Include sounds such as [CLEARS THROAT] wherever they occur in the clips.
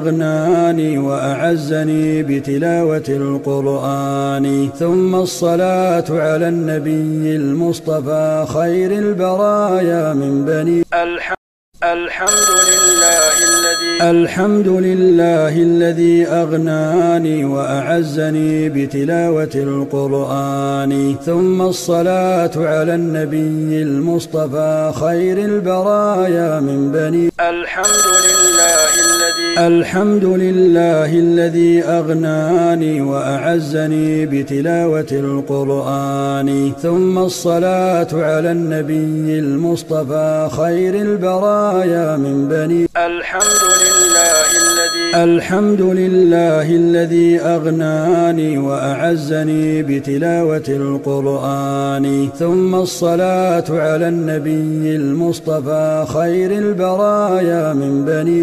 أغناني وأعزني بتلاوة القرآن ثم الصلاة على النبي المصطفى خير البرايا من بني الحمد الحمد لله الذي الحمد لله الذي أغناني وأعزني بتلاوة القرآن ثم الصلاة على النبي المصطفى خير البرايا من بني الحمد لله الذي الحمد لله الذي أغناني وأعزني بتلاوة القرآن ثم الصلاة على النبي المصطفى خير البرايا خطايا من بني الحمد لله الذي الحمد لله الذي أغناني وأعزني بتلاوة القرآن ثم الصلاة على النبي المصطفى خير البرايا من بني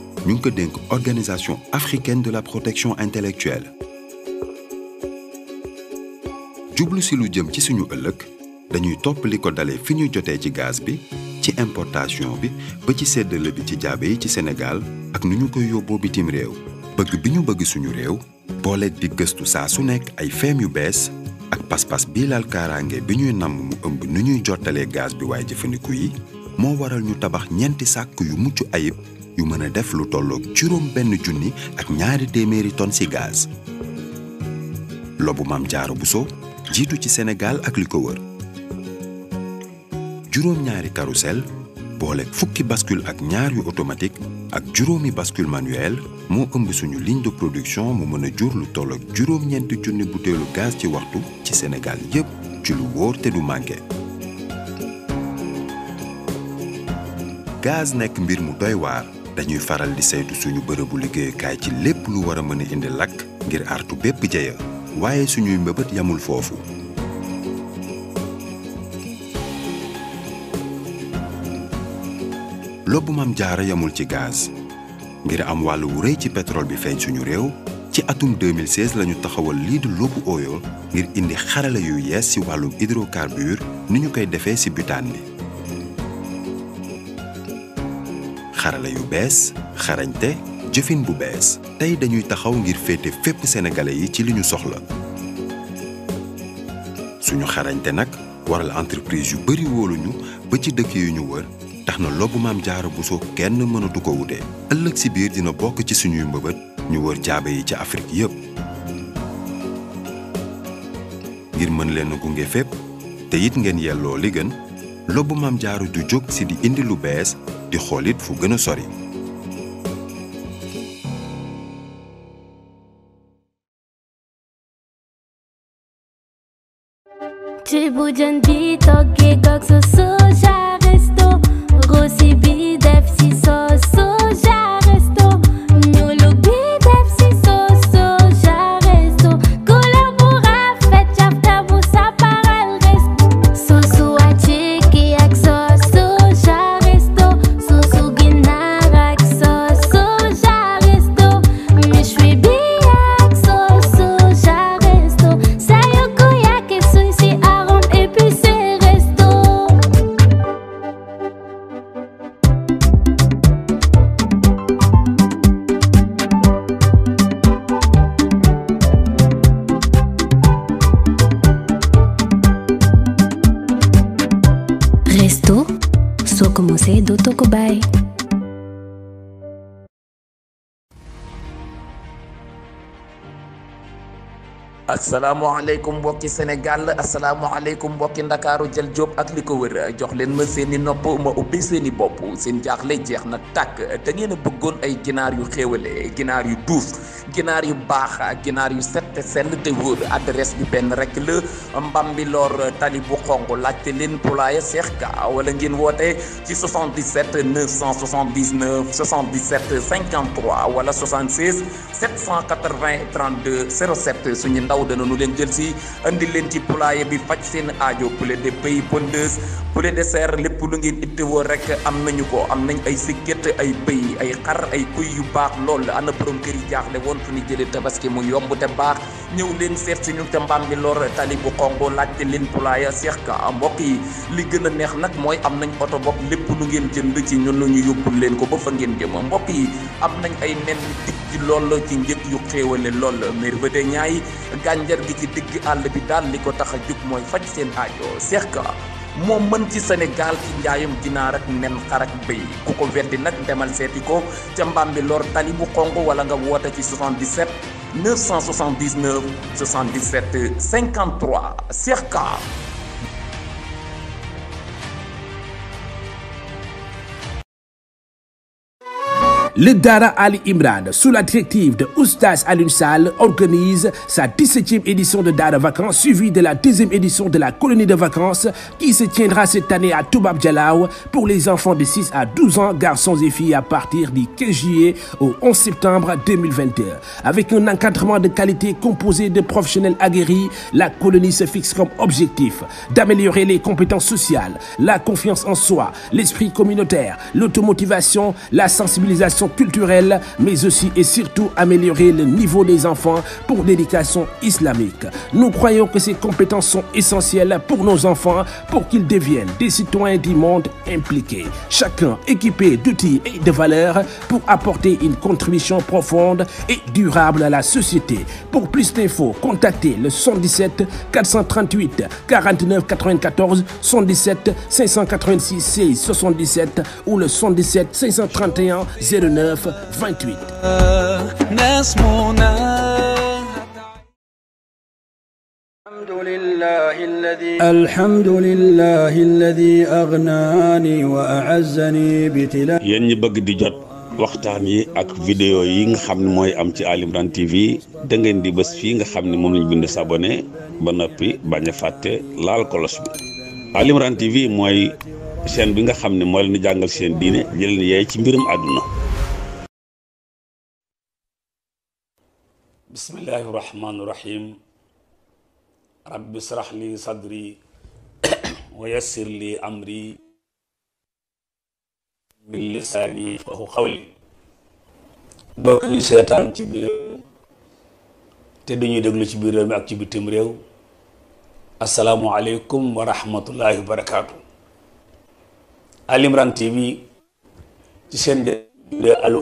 ñu ngi ko dénk organisation africaine de la protection intellectuelle jublu si lu jëm ci suñu ëllëg dañuy topp ko dale fi ñuy jotee ci gaz bi ci importation bi ba ci séddale bi ci jaabe yi ci Sénégal ak nu ñu ko yóbboo bitim réew bëgg bi ñu bëgg suñu réew booleet di gëstu saa su nekk ay feem yu bees ak pas bii laal kaaraange bi ñuy namm mu ëmb nu ñuy jottalee gaz bi waaye jëfandiku yi moo waral ñu tabax ñeenti sàkk yu mucc ayib yu mën a def lu tolloog juróom benn junni ak ñaari téeméeri tonnes ci gaz. lobu maam jaaro buso jiitu ci senegal ak li ko wër juróom ñaari carrousel boole fukki baskul ak ñaar yu automatique ak juróomi baskul manuel moo ëmb suñu ligne de production mu mën a jur lu tollook ak juróom-ñeenti junni butéelu gaz ci waxtu ci senegal yépp ci lu wóor te du manqué. nekk mbir mu doy dañuy faral di saytu suñu bërëbu liggéeyukaay ci lépp lu war a mën a indi lakk ngir artu bépp jeya waaye suñuy mbëbët yamul foofu lobbu maam jaara yamul ci gaz ngir am wàll wu rëy ci pétrole bi feeñ suñu réew ci atum 2016 lañu taxawal lii di lobbu ooyo ngir indi xarala yu yees ci wàllum hydrocarbure ni ñu koy defee si butaan bi xarala yu bees xarañte jëfin bu bees tey dañuy taxaw ngir féete fépp sénégalais yi ci li ñu soxla suñu xarañte nag waral entreprise yu bari wóoluñu ba ci dëkk yu ñu wër tax na lobbu maam jaara soo kenn mënatu ko wute ëllëg si biir dina bokk ci suñuy mbëbët ñu wër jaabe yi ci Afrique yépp ngir mën leen gunge fépp te it ngeen yelloo li gën lobbu maam jaaru du jóg si di indi lu bees di xoolit fu gën a sori Ci bu jën di togg aleykum mbokki Sénégal aleykum mbokki Ndakaaru jël Jóob ak li ko wër jox leen ma seen i nopp ma ubbi seen i bopp seen jaaxle jeex na tàkk te ngeen a bëggoon ay ginaar yu xéewale ginaar yu duuf ginaar yu baax ginaar yu set te sell te wóor adresse bi benn rek la Mbambilor tali bu xonq laajte leen poulailler Cheikh Ka wala ngeen woote ci 77 979 wala 76 780 32 07 suñu ndaw dana noonu nu leen jël si andi leen ci poulailler bi faj seen aajo poulet de pays pondeuse poulet de serre lépp lu ngeen ittewoo rek am nañu ko am nañ ay sikket ay bëy ay xar ay kuy yu baax lool ana borom kër yi jaaxle woon fu ñu jëlee tabaski mu yomb te baax ñëw leen seet si ñu te mbaam bi lor tali bu xongo laajte leen poulailler Cheikh Ka mbokk yi li gën a neex nag mooy am nañ oto bopp lépp lu ngeen jënd ci ñun la ñu yóbbul leen ko ba fa ngeen jëm mbokk yi am nañ ay nen dik ci lool ci njëg yu xéewale lool merveille ñaay gànja fajar gi ci digg àll bi daal li ko tax a jug mooy faj seen aajo Seex Ka moo mën ci Sénégal ci njaayum ginaar ak nen xar ak bëy ku ko weddi nag demal seeti ko ca Mbambilor tali bu xonq wala nga woote ci 77 979 77 53 Seex Ka Le Dara Ali Imran, sous la directive de Oustaz Alioune Sall, organise sa 17e édition de Dara Vacances, suivie de la deuxième édition de la colonie de vacances qui se tiendra cette année à Toubab Dialaw pour les enfants de 6 à 12 ans, garçons et filles à partir du 15 juillet au 11 septembre 2022. Avec un encadrement de qualité composé de professionnels aguerris, la colonie se fixe comme objectif d'améliorer les compétences sociales, la confiance en soi, l'esprit communautaire, la sensibilisation culturelle, mais aussi et surtout améliorer le niveau des enfants pour l'éducation islamique. Nous croyons que ces compétences sont essentielles pour nos enfants pour qu'ils deviennent des citoyens du monde impliqués, chacun équipé d'outils et de valeurs pour apporter une contribution profonde et durable à la société. Pour plus d'infos, contactez le 117 438 49 94 117 586 6 77 ou le 117 531 09 9 28. الحمد لله الذي أغناني وأعزني بتلاوته yéen ñi bëgg di jot waxtaan yi ak vidéo yi nga xam ne mooy am ci Ali Imran TV da ngeen di bés fii nga xam ne moom lañ bind s'abonner ba noppi bañ a fàtte laal kolos bi Ali Imran TV mooy chaîne bi nga xam ne moo leen di jàngal seen diine jëleen yeey ci mbirum àdduna bismillahi irrahmani irrahim rabbi israh li sadri [CLEARS THROAT] wa li amri min lisaani fahu xawli bokk ñu ci biir te dañuy déglu ci biir mi ak ci bitim réew asalaamualeykum wa rahmatullahi wa barakaatu Ali Imran TV ci seen al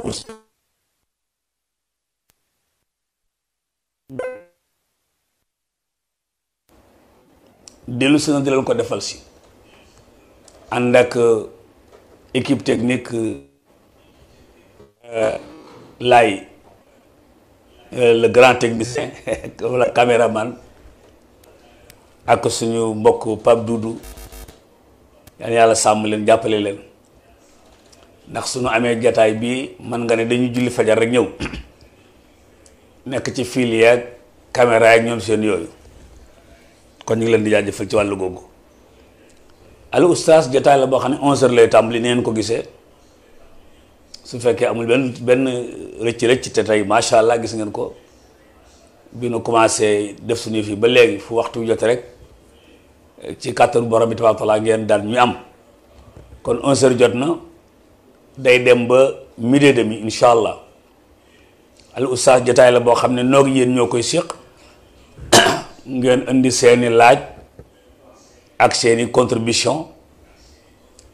dellu si na di ko defal si ànd ak euh, équipe technique euh, lay euh, le grand technicien wala [LAUGHS] caméraman ak suñu mbokk Pape Doudou yan yàlla sàmm leen jàppale leen ndax su nu amee jataay bii man nga ne dañu julli fajar rek ñëw [CLEARS THROAT] nekk ci fil yeeg caméra yeeg ñoom seen yooyu kon ñu ngi leen di jaajëfal ci wàllu googu Al Oustaz jotaay la boo xam ne onze heures lay tàmbali neen ko gisee su fekkee amul benn benn rëcc rëcc te tey macha allah gis ngeen ko bi nu commencé def suñu fii ba léegi fu waxtu jot rek ci kàttanu borom bi tabaaraka taala ngeen daal ñu am kon onze jot na day dem ba midi demi incha allah. al oustaz jotaay la boo xam ne noog yéen ñoo koy séq [COUGHS] ngeen indi seeni laaj ak seeni contribution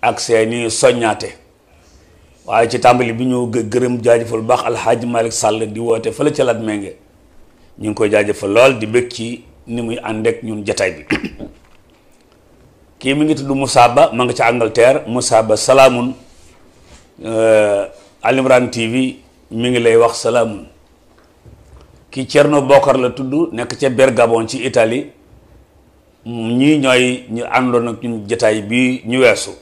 ak seeni soññaate waaye ci tàmbali bi ñu gërëm jaajëfal baax alxaaji Malick Sall di woote fële ca Latmingué ñu ngi koy jaajëfal lool di bëgg ci ni muy ànd ak ñun jotaay bi [COUGHS] kii mi ngi tudd Moussa Ba ma nga ca Angleterre Moussa Ba salaamun euh, Al Imran TV mu ngi lay wax salaamun ki Cerno bokkar la tudd nekk ca Bergamo ci itali ñii ñooy ñu àndoon ak ñun jataay bi ñu weesu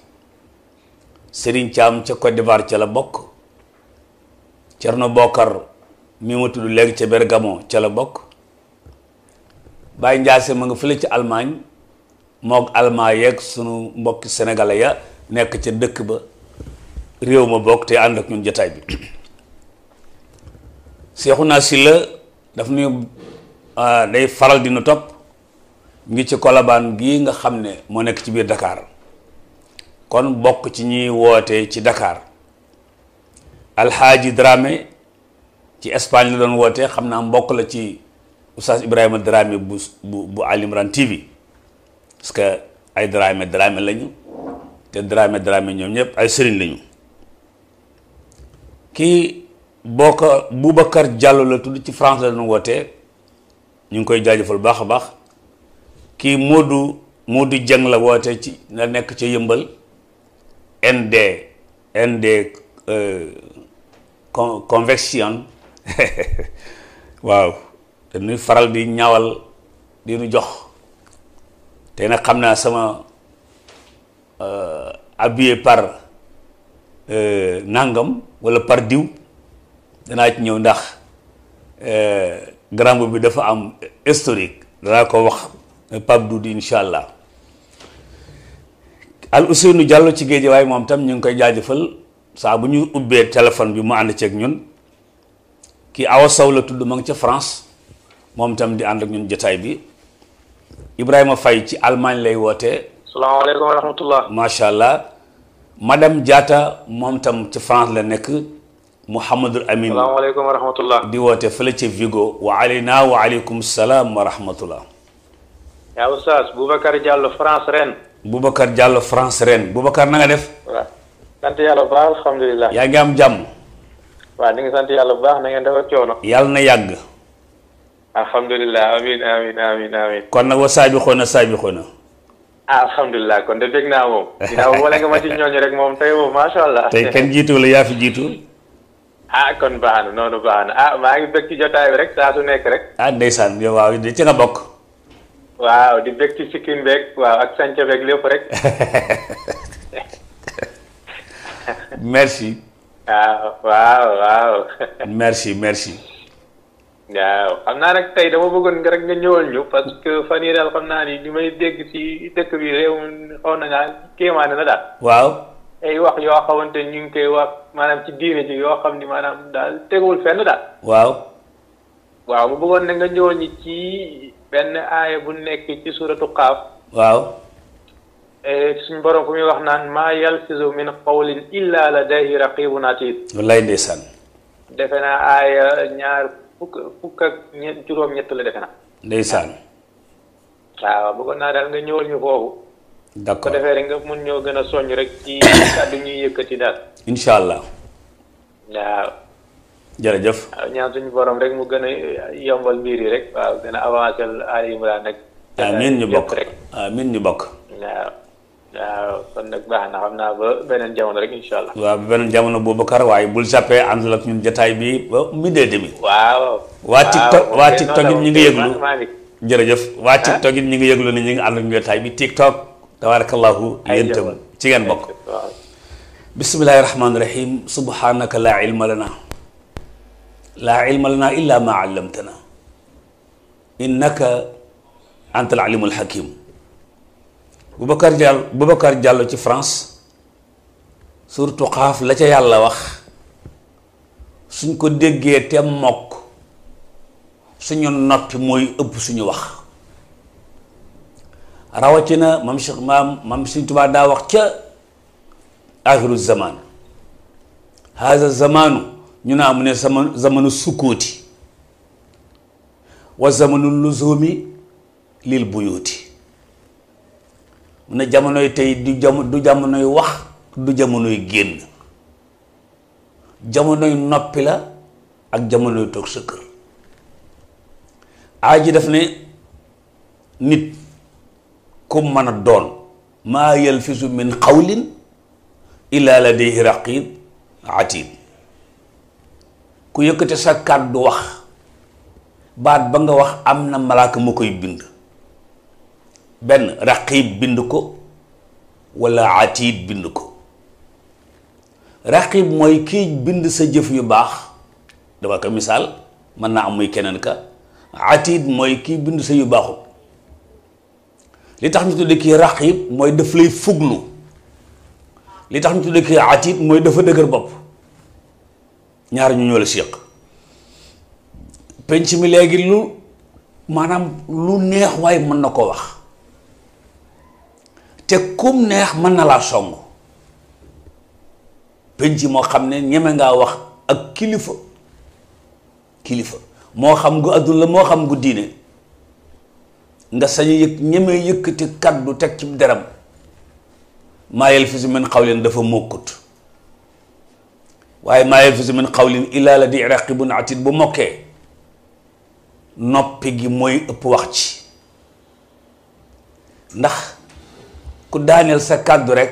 Serigne am ca Côte d'Ivoire ca la bokk Cerno Bokar mi ma tudd léegi ca Bergamo ca la bokk Baye Ndiasse ma nga fële ci almaañ mook Allemagne yeeg sunu mbokki senegal ya nekk ca dëkk ba réew ma bokk te ànd ak ñun jataay bi si la daf nuy ah, day faral dina nu topp mu ngi ci kolabaan gii nga xam ne moo nekk ci biir dakaar kon bokk ci ñuy woote ci dakaar alxaaji Dramé ci Espagne la doon woote xam naa mbokk la ci Oustaz Ibrahima Dramé bu bu bu TV parce que ay Dramé Dramé lañu te Dramé Dramé ñoom ñëpp ay sëriñ lañu kii boo ko Boubacar Diallo la tudd ci France la nu wootee ñu ngi koy jaajëfal baax a baax kii Modou Modou Dieng la woote ci la nekk ca yëmbal ND ND euh, convection [LAUGHS] waaw dañuy faral di ñawal di jox te nag xam naa sama euh, habillé par euh, nangam wala par diw danaa ci ñëw ndax euh, grand bi dafa am historique danaa ko wax Pape Doudou incha allah al Ousseynou Diallo ci waaye moom tam ñu ngi koy jaajëfal saa bu ñu ubbee téléphone bi mu ànd ceeg ñun kii Awa Sow la tudd ma ngi ca France moom tam di ànd ak ñun jotaay bi Ibrahima fay ci Allemagne lay woote salaamaaleykum wa rahmatullah. allah madame Diatta moom tam ci France la nekk. Mouhamadul Amin salaamaaleykum wa rahmatullah di woote fële ca wa aleyna wa salaam wa rahmatullah yaa oustaz Boubacar Diallo France ren Boubacar Diallo France ren Boubacar na def waaw sant yàlla bu baax alhamdulilah yaa ngi am jàmm waaw ngi sant yàlla bu baax na ngeen dafa coono yàlla na yàgg alhamdulilah amin amin amin amin kon nag wa saabixoona saabixoona ah alhamdulilah kon de dégg naa moom dinaa [LAUGHS] wala nga ma ci ñooñu rek moom tey moom macha allah tey kenn jiitu la yaa fi jiitu ah kon baax na noonu baax na ah maa ngi bëgg ci jotaay bi rek saa su nekk rek. ah ndeysaan yow waaw di ci nga bokk. waaw di bëgg ci sikkin beeg waaw ak sànq beeg lépp rek. [LAUGHS] merci. waaw ah, waaw waaw. merci merci. waaw xam naa nag tey dama bëggoon nga rek nga ñëwal ñu parce que fan yii daal xam naa ni li may dégg ci dëkk bi réew mi na ngaa kéemaane na daal. waaw. ay wax yoo xamante ñu ngi koy wax maanaam ci diine ji yoo xam ni maanaam daal teguwul fenn daal. waaw. bu bëggoon na nga ñëwoon ñi ci benn aaya bu nekk ci suuratu Qaaf. waaw. Eh, suñ borom ku muy wax naan maa yalfizu min qawlin illa ladayhi raqibun atid. wallaay ndeysaan. defe naa aaya ñaar fukk fukk ak juróom-ñett la defe naa. ndeysaan. waaw bëggoon naa daal nga ñëwal ñu foofu. d'accord bu ko defee rek nga mun ñoo gën a soññ rek ci [COUGHS] daal. incha allah. waaw. jërëjëf. waaw ñaan borom rek mu gën a yombal mbir yi rek. waaw gën a avancé Ali Imran rek. amiin ñu bokk amiin ñu bokk. na xam naa ba beneen jamono rek incha allah. waaw ba waaye bul jàppee ànd la ak ñun jotaay bi ba midi demi. waaw waa TikTok waa ah? TikTok it ñu ngi yëglu. jërëjëf waa TikTok it ñu ngi yëglu ni ñu ngi ànd ak jotaay bi tabarakallahu yéen itam ci ngeen bokk bismillahi rahmaani rahim subhanaka laa ilma lana laa ilma lana illa ma allamtana innaka anta al alimul hakim Boubacar Diallo Boubacar ci France surtout xaaf la ca yàlla wax suñ ko déggee te mokk suñu noppi mooy ëpp suñu wax rawatina mam Cheikh maam mam Sëriñ Tuubaa daa wax ca axiru zaman haza zamanu ñu naa mu ne sama zamanu sukkuuti wa zamanu luzumi lil buyuuti mu ne jamonoy tey du jam du jamonoy wax du jamonoy génn jamonoy noppi la ak jamonoy toog sa kër aaji daf ne nit kum mën a doon maa yalfisu min xawlin illa ladayhi raqib atid ku yëkkate sa kàddu wax baat ba nga wax am na malaaka mu koy bind benn raqib bind ko wala atid bind ko raqib mooy kii bind sa jëf yu baax dama ko misaal mën naa am muy keneen ka atid mooy kii bind sa yu baaxul li tax ñu tuddee kii raqib mooy daf lay fuglu li tax ñu tuddee kii atid mooy dafa dëgër bopp ñaar ñu ñoo la séq penc mi léegi lu maanaam lu neex waaye mën na ko wax te kum neex mën na laa song penc moo xam ne ñeme ngaa wax ak kilifa kilifa moo xam gu àdduna moo xam gu diine nga sañ yëg ñemee yëkkati kaddu teg ci deram maa yalfisu min qawlin dafa mokkut waaye maa yalfisu min qawlin illaa ladayhi raqiibun atiid bu mokkee noppi gi mooy ëpp wax ci ndax ku daaneel sa kàddu rek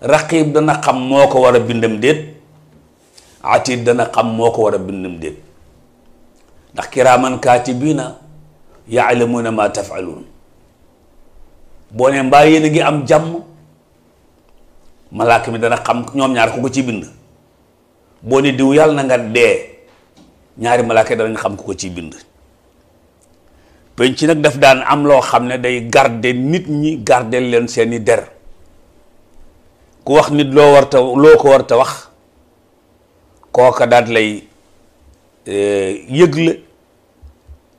raqiib dana xam moo ko war a bindam déet atiid dana xam moo ko war a bindam déet ndax kiraaman kaatibiina yaalamuuna ma tafaluun boo ne mbaa yéen ngi am jàmm malaaka mi dana xam ñoom ñaar ku ko ci bind boo ne diw yàlla na nga dee ñaari malaaka danañ xam ku ko ci bind penc nag daf daan am loo xam ne day garder nit ñi garder leen seeni der ku wax nit loo war loo ko war ta wax kooka daat lay eh, yëgle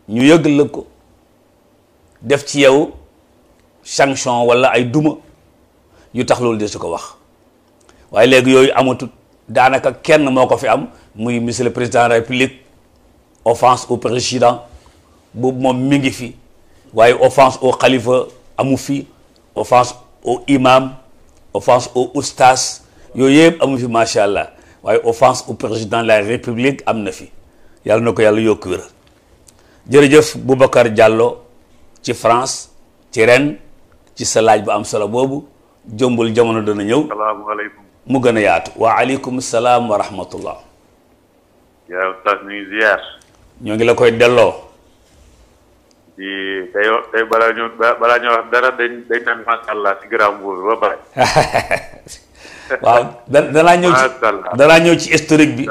ñu yëg yëgle ko def ci yow sanction wala ay duma yu tax loolu de su ko wax waaye léegi yooyu amatut daanaka kenn moo ko fi am muy monsieur le président de la république offense au président boobu moom mi ngi fi waaye offense au xalifa amu fi offense au imam offense au oustas yooyu yëpp amu fi macha allah waaye offense au président de la république am na fi yàlla na ko yàlla yokk wér jërëjëf Boubacar Diallo ci France ci ren ci salaaj bu am solo boobu jombul jamono dana ñëw. salaamaaleykum mu gën a yaatu. waaleykum salaam wa rahmatullah. yaa Oustaz ñu ngi ñoo ngi la koy delloo. di tey tey balaa ñu balaa ñu wax [LAUGHS] danaa ñëw ci danaa ñëw bi.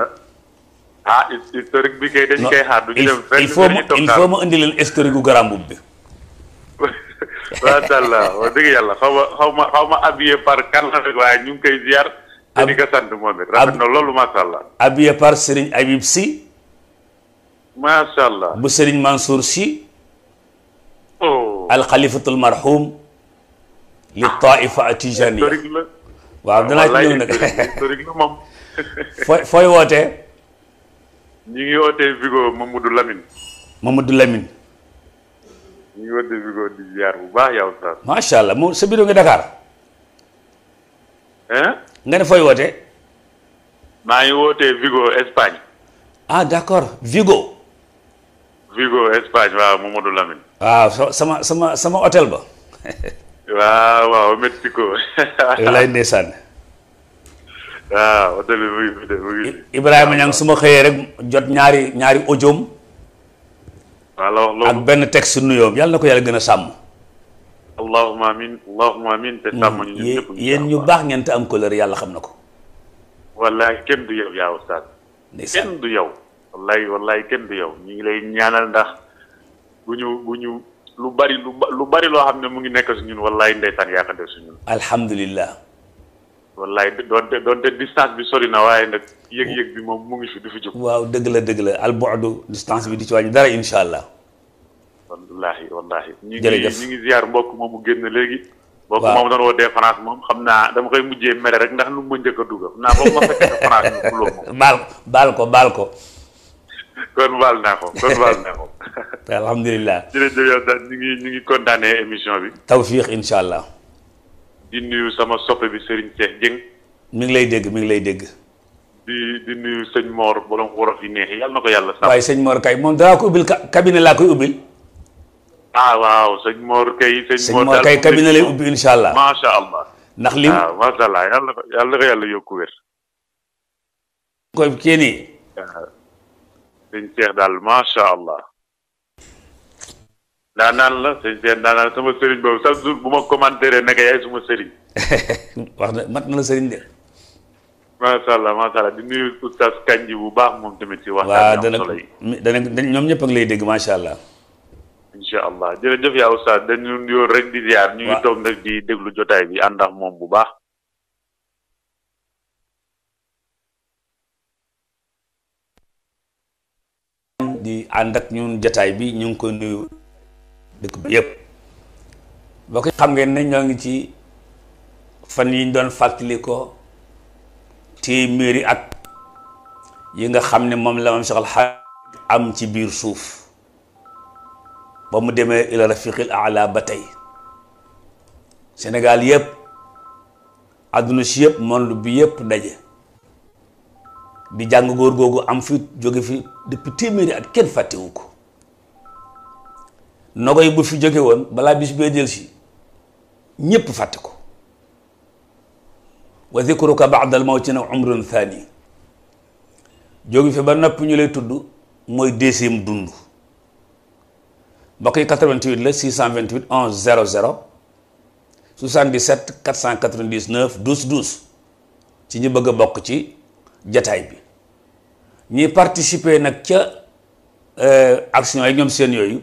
ah historique bi kay dañ koy xaar. du ñu dem il faut ma il faut indi leen historique gu garaam boobu bi. [LAUGHS] macha allah wax dëgg yàlla xaw ma xaw ma par kan rek waaye ñu ngi koy ziar. par Serigne Habib Sy. macha allah bu Serigne Mansour Sy. oh alxalifatul marhum li atijaniya ah. waaw danaa ci ñëw nag moom. [LAUGHS] fooy fooy wootee. ñu ngi wootee Vigo Mamadou Lamine. Mamadou mu ngi wëdd bi di ziar bu baax yow Oustaz. macha allah moom sa bureau nga Dakar. nga ne fooy wootee. maa ngi wootee Vigo Espagne. ah d'accord Vigo. Vigo Espagne waaw Mamadou Lamine. waaw ah, sama sama sama hôtel ba. [LAUGHS] waaw waaw Mexico. lay [LAUGHS] ndeysaan. waaw hôtel bi mu ngi fi de ña su ma xëyee rek jot ñaari ñaari ojoom. ak benn texte nuyoom yàlla na ko yàlla gën a sàmm. allahumma amiin allahumma amiin te sàmm ñu ñëpp yéen ñu baax ngeen te am couleur yàlla xam na ko. wallaay kenn du yow yaa ustaas. kenn du yow. wallaay wallaay kenn du yow ñu ngi lay ñaanal ndax bu ñu bu ñu lu bari lu bari loo xam ne mu ngi nekk si ñun wallaay yaa ko def si ñun. wallaay doonte doonte distance bi sori na waaye nag yëg-yëg bi moom mu ngi fi du fi jóg. waaw dëgg la dëgg la al bu'du distance bi di ci wàññi dara incha allah. wallaahi wallaahi. jërëjëf ñu ngi ñu ngi ziar mbokk génn léegi. waaw mbokk moomu doon wootee France moom xam naa dama koy mujjee mere rek ndax nu mu ma njëkk a dugal naa [LAUGHS] baal ko baal ko. kon baal naa ko kon baal naa ko. [LAUGHS] alhamdulilah. jërëjëf yow ñu ngi ñu émission bi. tawfiq incha allah. di sama soppe bi Serigne Cheikh Dieng. mi ngi lay dégg mi ngi lay dégg. di di nuyu sëñ Mor borom worof yi neexee yàlla na ko yàlla sax. waaye sëñ Mor kay moom danaa ko ubbil cabinet laa koy ubbil. ah waaw sëñ Mor kay. sëñ Mor kay cabinet lay ubbi incha allah ndax li waaw ah, macha allah yàlla na ko yàlla yokku wér. koy kenn. Ah, sëñ Cheikh daal macha allah. daa naan la sëñ Cheikh daa naan sëriñ boobu chaque bu ma commentaire naka yaay suma sëriñ. [LAUGHS] wax na mat na la sëriñ de. macha allah macha allah di nuyu oustaz Kanji bu baax moom tamit ci waxtaan bi am solo yi waaw dana dana ñoom ñëpp a ngi lay allah. incha allah jërëjëf di ñu ngi toog déglu jotaay bi ànd ak moom bu baax. di ànd ak ñun jotaay bi ñu ngi ko nuyu. dëkk bi yépp boo ko xam ngeen ne ñoo ngi ci fan yiñ doon fàttali ko téeméeri at yi nga xam ne moom la moom Seex al am ci biir suuf ba mu demee ila rafiqil ala ba tey Sénégal yëpp àdduna si yëpp monde bi yëpp daje bi jàng góor googu am fi jóge fi depuis téeméeri at kenn fàttewu ko yi bu fi jóge woon balaa bis bee delsi ñépp fàtte ko wa zikruka baada al mawti na umrun thani jógi fi ba napp ñu lay tudd mooy deuxième dund mbokk yi 88 la 628 11 00 77 499 12 12 ci ñu bëgg a bokk ci jataay bi ñuy participer nag ca euh, action yi ñoom seen yooyu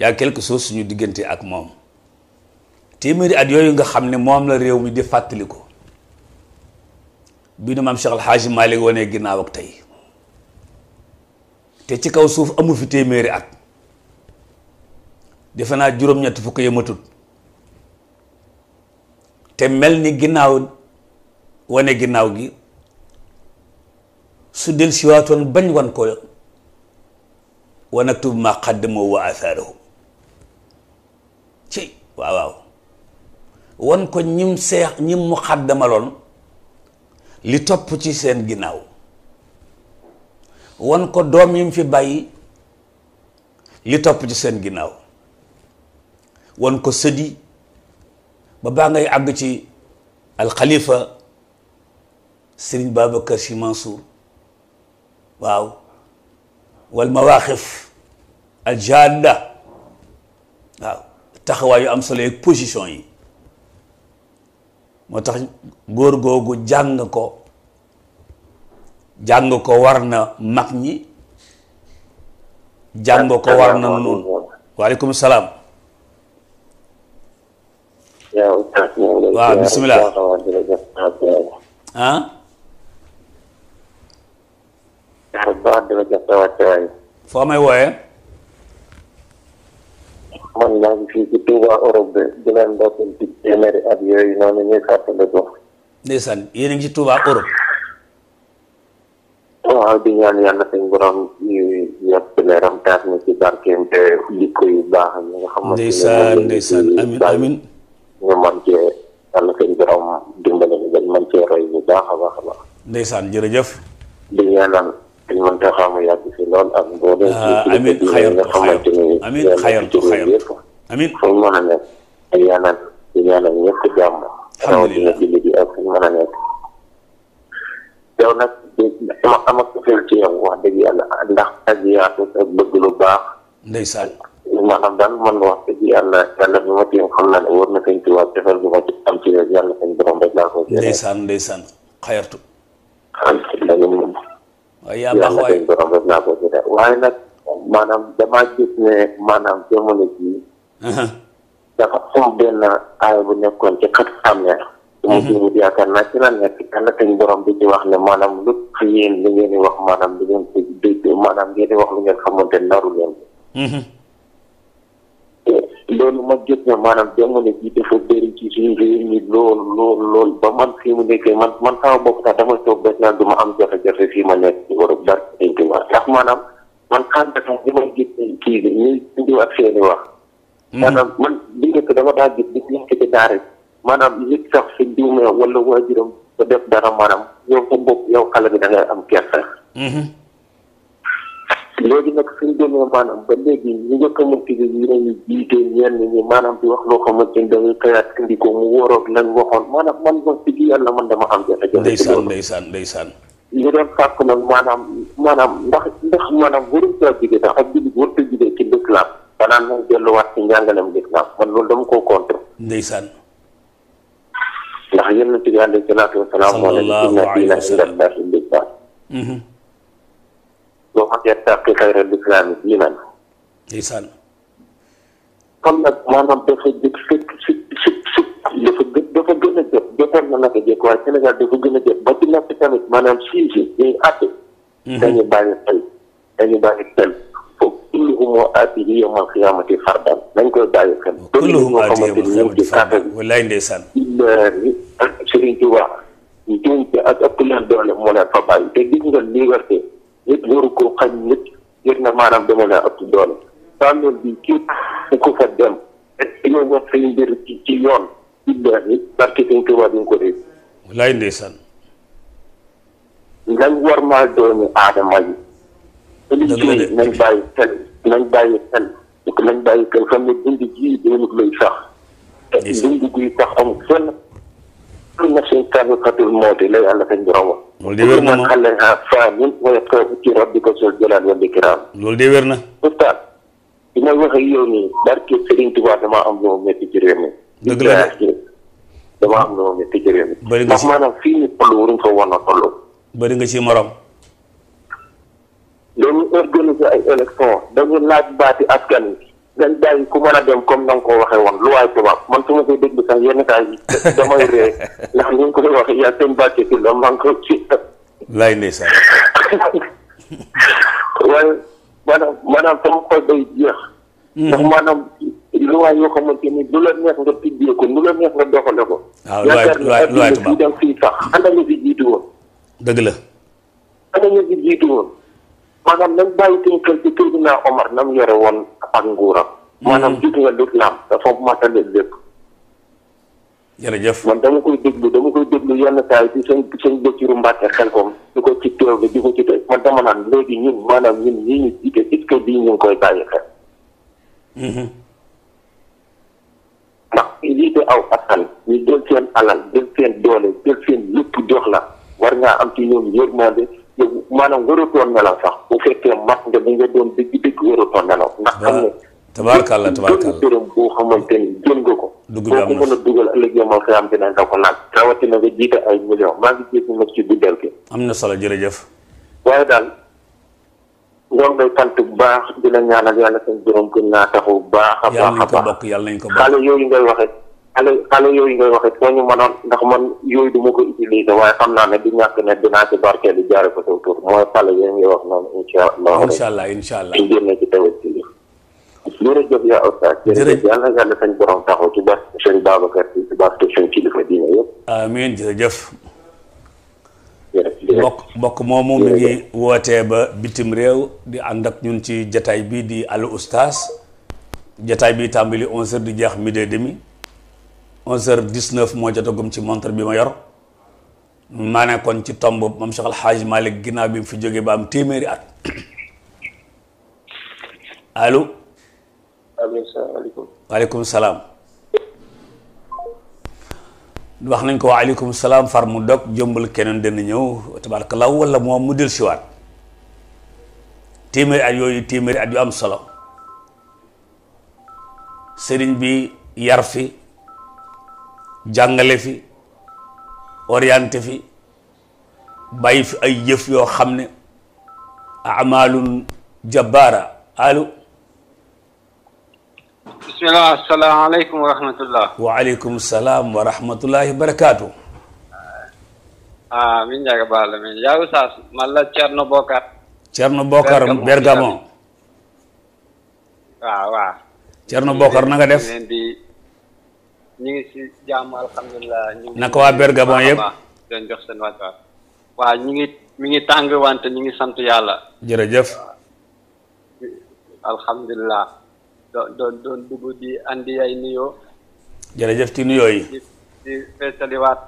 yaa quelque chose suñu diggante ak moom téeméeri at yooyu nga xam ne moom la réew mi di fàttali ko bi nu maam Cheikh Al Hadj Malick ginnaaw ak tey te ci kaw suuf amu fi téeméeri at defe naa juróom-ñett fukk yëmatut te mel ni ginnaaw wane ginnaaw gi su del siwaatoon bañ wan ko wan aktub ma qaddamoo wa athaarahu ci waaw waaw wan ko ñim seex ñim mu xaddamaloon li topp ci seen ginnaaw wan ko doom yim fi bay li topp ci seen ginnaaw wan ko sëdi ba baa ngay àgg ci alxalifa sëriñ Babacar Sy Mansour waaw wal mawaqif al waaw taxawaay yu am solo yeeg position yi moo tax góor googu jàng ko jàng ko war na mag ñi jàng ko war na noonu waaleykum salaam waaw bisimilah ah foo may wooye man maa ngi fii ci Touba Europe de di leen doon ci téeméeri at yooyu noonu ñuy fàttaliku. ndeysaan ci Touba Europe. waaw di ñaan yàlla suñu borom yu yokk leeram taat na ci barkeem te jikko baax yi nga xamante ne ndeysaan ndeysaan amin amin ñu man cee yàlla suñu borom dimbale ñu man cee roy bu baax a baax a baax. ndeysaan jërëjëf. ñaan ñaanal. dañ mën a xamu yàgg si lool ak boole. Ah, amiin xayal nga xamante ni. amiin xayal ko xayal yëpp. amiin fu mu mën a nekk. ay yaanaan di ñaanal ñëpp jàmm. rawatina julli bi ak fu mu mën a nekk. yow nag dama am ak ci yow wax dëgg yàlla ndax ak yaatu ak bëgg lu baax. ndeysaan. maanaam daal man wax dëgg yàlla yàlla bi ma tiim xam naa ne war na sëñ Tuubaa defal bi ma ci am ci yàlla sëñ borom rek laa koy. ndeysaan ndeysaan xayartu. alhamdulilah. yaa baax waay yàlla borom naa ko ci de waaye nag maanaam damaa gis ne maanaam jamono jii. dafa am benn aay bu nekkoon ci xët am ne. mu jiwu yaakaar naa ci la nekk yàlla suñu bi ci wax ne maanaam lu fi yéen li ngeen di wax maanaam lu ngeen di dégg maanaam ngeen wax lu ngeen xamante naru leen. loolu ma gis ne maanaam jamono ji dafa bëri ci suñu réew mi lool lool lool ba man fii mu nekkee man man sama bopp sax dama toog bés du ma am jafe-jafe fii ma nekk ci Europe dara dañ koy wax ndax maanaam man xam nga kii bi ñuy indiw ak seen i wax. Hmm. maanaam man bu njëkk dama daa gis li ñu ci daara maanaam nit sax su diwmee wala waajuram ba def dara maanaam yow sa bopp yow xale bi da am kersa. Hmm. léegi nag suñ demee maanaam ba léegi ñu njëkk a mën ci ñu ne jiite ñenn maanaam di wax loo xamante ni dañuy ko mu wóoroog lañ waxoon maanaam man man ci yàlla man dama am jafe-jafe. ndeysaan ndeysaan ndeysaan. li doon sàkk nag maanaam maanaam ndax ndax maanaam warul ndax ak a jóge ci lislaam maanaam moom delluwaat ci njàngaleem lislaam ndeysaan. a ngi ci wa man yattaqi xayra l-islaami diinan. ndeysaan. kon nag maanaam dafa jëkk fekk si si si dafa gë dafa gën a jot na naka jëkk waaye Sénégal dafa gën a jot ba ci nekk tamit maanaam siis yi ñuy àtte. Mhm. dañu bàyyi xel dañu bàyyi xel foofu kulluhum aatiihi yawmal qiyaamati fardan nañ koy bàyyi xel. kulluhum aatiihi yawmal qiyaamati fardan wallaay ndeysaan. ak ëpp doole moo leen fa bàyyi te gis liberté. nit ko xañ nit yëg na maanaam dama la ëpp doole sàmmeel bi kii ku ko fa dem dañoo wax say mbir ci ci yoon ci bees yi barke Sëñ Tuubaa duñ ko dégg wallaay nañ war maa doomi aadama yi religieux nañ bàyyi xel nañ bàyyi xel nañ bàyyi xel xam ne dund jii dund lay sax dund guy sax amul fenn نفس سابقة الموت إليها لكن جرمه loolu de wér na moom xaleha de wér na oustaz bi may wax ak yow nii barke Serigne Touba damaa am lu ma am lu ma métti ci réew mi bëri nga si maanaam si morom dañu organiser ay élection dañu laaj baati askan wi dañ bàyyi ku mën a dem comme na koo waxee woon lu waay tubaab man su ma koy déglu sax yenn saa yi [LAUGHS] damay ree ndax ni nga koy waxee yaa seen bàcce si la maa ngi ko ci. laay ndeysaan. [LAUGHS] waaye maanaam maanaam sama xol day jeex. Mhm. ndax maanaam lu waay yoo xamante ni lu la neex nga tibbee ko lu la neex nga doxale ko. waaw lu waay lu lu waay tubaab yaakaar naa dem fii sax ana ñu fi jiitu woon. dëgg la. ana ñu fi jiitu woon. maanaam nañ bàyyi suñu kër ci président Omar nam yore woon ak nguuram. Hmm. maanaam gis nga lislaam dafa matale man dama koy déglu dama koy déglu yenn saa yi ci seen seen bëccëru mbàkke xel koom di ko ci teew bi di ko ci tey man dama naan léegi ñun maanaam ñun ñii ñu jiite que lii ñu ngi koy bàyyi xel. Hmm. ndax jiite aw askan ñu jël seen alal jël seen doole jël seen lépp jox la war ngaa am ci ñoom yërmande. yow maanaam waratoon nelaw sax bu fekkee mat nga bu nga doon dëgg dëgg waratoon nelaw ndax xam ne tabaarkàlla tabaarkàlla dërëm boo xamante ni jël nga ko dugg boo ko mën a dugal ëllëg yomal xëyam dinañ la ko laaj rawatina nga jiite ay million maa ngi jéegi nag ci guddal gi am na solo jërëjëf waaye daal ñoom day sant bu baax di la ñaanal yàlla seen borom gën naa taxaw bu baax a a baax yàlla nañ yàlla nañ ko bokk xale yooyu ngay waxee xale xale yooyu ngay waxee foo ñu mënoon ndax man yooyu du ma ko utiliser waaye xam naa ne du ñàkk ne dinaa ci barkeelu jaare ko sa tur mooy xale yooyu ngay wax noonu incha allah. incha allah incha allah ci génne ci tawet ci li. sañ borom taxaw ci barke sëñ Babacar si ci barke sëñ kilifa diine ngi wootee ba bitim réew di ànd ak ñun ci jataay bi di Allo Oustaz jataay bi tàmbali 11h di jeex midi et demi. onze heure dix-neuf moo jotagum ci montre bi ma yor maa nekkoon ci tomb moom Cheikh Al Hadj Malick ginnaaw bi mu fi jógee ba am téeméeri at allo. salaam. wax nañ ko waaleykum salaam mu dog jëmbal keneen dana ñëw tabarakallah mu del siwaat téeméeri at yooyu téeméeri at yu am solo sëriñ bi yar jàngale fi orienté fi bàyyi fi ay jëf yoo xam ne amalun jabbaara allo bismillah asalaamaaleykum wa rahmatullah waaleykum salaam wa rahmatullahi barakaatu ah min njaga baal min yaa Cerno Bokar Cerno Bokar Bergamo Cerno ah, Bokar na nga def ñu ngi ci jàmm alhamdulilah. ñu ngi naka waa Bergabon yëpp leen jox seen wàccuwaay. waa ñu ngi mi ngi tàng wante ñu ngi sant yàlla. jërëjëf. alhamdulilah. do do doon dugg di andi ay nuyoo. jërëjëf ci nuyoo yi. di di feesaliwaat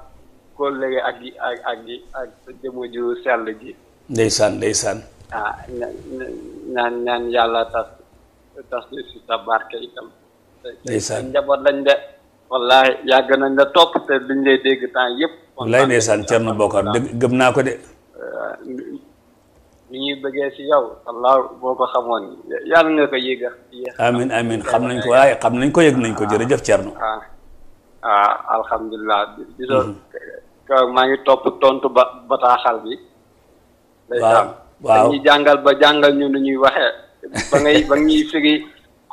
collègue ak gi ak gi ak sa jëmm ju sell ji. ndeysaan ndeysaan. ñaan ah, ñaan yàlla tas tas si sa barke itam. ndeysaan njaboot lañ de. wallahi yàgg nañ la topp te duñ lay dégg temps yëpp. wallaay ndeysaan Thierno Bokar dëgg gëm naa ko de. Euh, ni ñuy bëggee ci yow wallaahi boo ko xamoon yàlla nga ko yéega. amin amin xam nañ ko waaye xam nañ ko yëg nañ ko jërëjëf Thierno. ah ah, ah alhamdulilah. di mhm. maa ngi topp tontu ba bataaxal bi. waaw waaw dañuy jàngal ba jàngal ñu nu ñuy waxee. ba ngay ba ñuy firi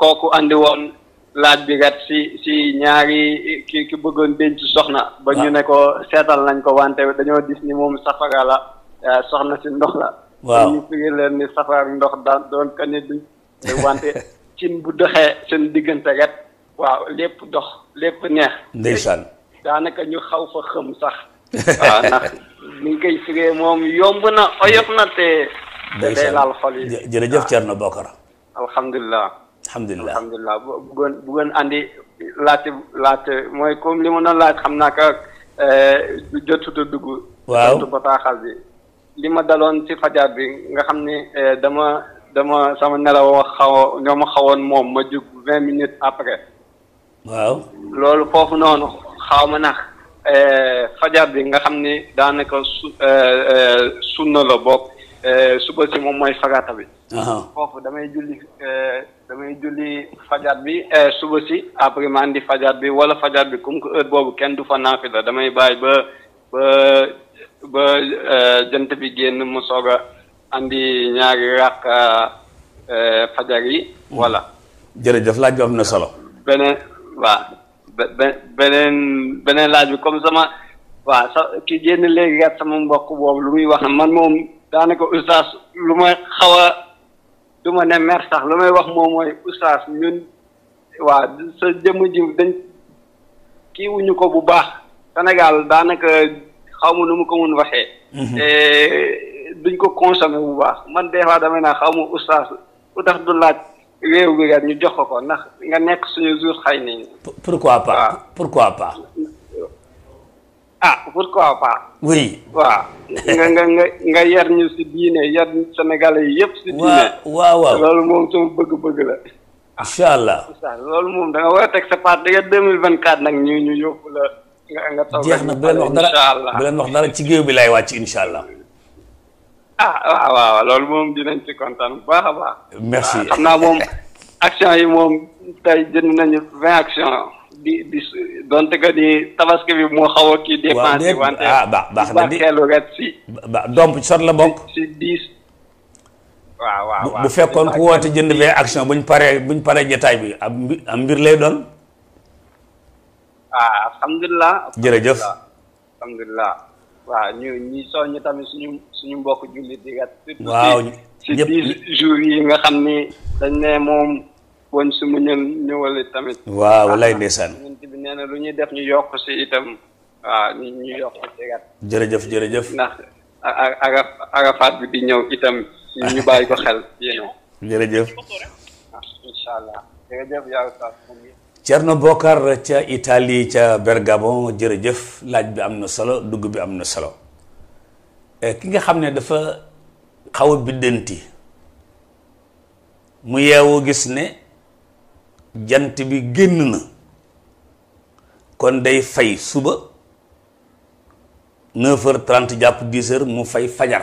kooku andi woon. laaj bi kat ci ci ñaari ki ki bëggoon denc soxna. ba ñu ah. ne ko seetal nañ ko wante dañoo gis ni moom safara la ah, soxna si ndox la. waaw ñu firi leen ni ndox daan doon kañ duñ. wante [LAUGHS] cin bu doxee seen diggante kat waaw lépp dox lépp neex. ndeysaan daanaka ñu xaw fa xëm sax. waaw ndax ni ñu koy firee moom yomb na oyof na te. day laal xol yi jërëjëf Thierno Bokar. alhamdulilah. alhamdulilah alhamdulilah bu bëggoon bëggoon andi laajte laajte mooy comme li ma doon laaj xam naa ko eh, jotut dugg. waaw jotut bataaxal bi. li ma daloon ci fajar bi nga xam ni eh, dama dama sama nelawoo xaw ñoo ma xawoon moom ma jug vingt minutes après. waaw loolu foofu noonu xaw ma nax eh, fajar bi nga xam ni daanaka su sunna la bokk. Eh, suba si moom mooy fagaata bi. foofu damay julli eh, damay julli fajaat bi eh, suba si après ma andi fajaat bi wala fajaat bi comme que heure boobu kenn du fa naafila damay bàyyi ba ba ba jant bi génn mu soog a andi ñaari ràq fajar yi hmm. voilà. jërëjëf laaj bi am na solo. beneen waa beneen beneen laaj bi comme sama waa sa ki génn léegi rek sama mbokk boobu lu muy wax man moom. daanaka oustaz lu ma xaw a ma ne mer sax lu may wax moom mooy oustaz ñun waa sa jëmm ji dañ kiiwuñu ko bu baax Sénégal daanaka xaw ma nu mu ko mun waxee. Mhm. duñ ko consommer bu baax man des fois damay naa xaw ma oustaz lu tax du laaj réew bi ñu jox ko ko ndax nga nekk suñu jour xay nañ. pourquoi pas quoi pas. ah pourquoi pas. oui. waaw nga nga nga nga yar ñu si diine yar Sénégalais yi yëpp. si diine waaw waaw loolu moom sama bëgg-bëgg la. incha allah loolu moom da nga war a teg sa part da nga deux mille vingt quatre nag ñu ñu yóbbu la. nga nga taw jeex na bu leen ci géew bi lay wàcc incha allah. ah waaw waaw loolu moom dinañ ci kontaan bu baax a merci xam naa moom action yi moom tey jënd nañu vingt action di di donte que ni tabaski bi moo xaw a kii. dépense wante ah baax baax na di si. ba domp sot la bokk. si dix. waaw waaw bu fekkoon ku woote jënd bee action buñ paree buñ paree jotaay bi am mbir lay doon. ah alhamdulilah. jërëjëf alhamdulilah. waaw ñu ñi soññu tamit suñu suñu mbokk jullit yi kat. waaw ñëpp si yi nga xam ni dañ ne moom. woon tamit. waaw walaay ndeysaan. lu ñuy def ñu yokk si itam. jërëjëf jërëjëf. ndax aga ko [LAUGHS] jërëjëf. incha allah jërëjëf Cerno Bokar ca Italie ca Bergamo jërëjëf laaj bi am na solo dugg bi am na solo eh, ki nga xam ne dafa xaw a biddanti mu yeewu gis ne jant bi génn na kon day fay suba neuf heures jàpp dix heures mu fay fajar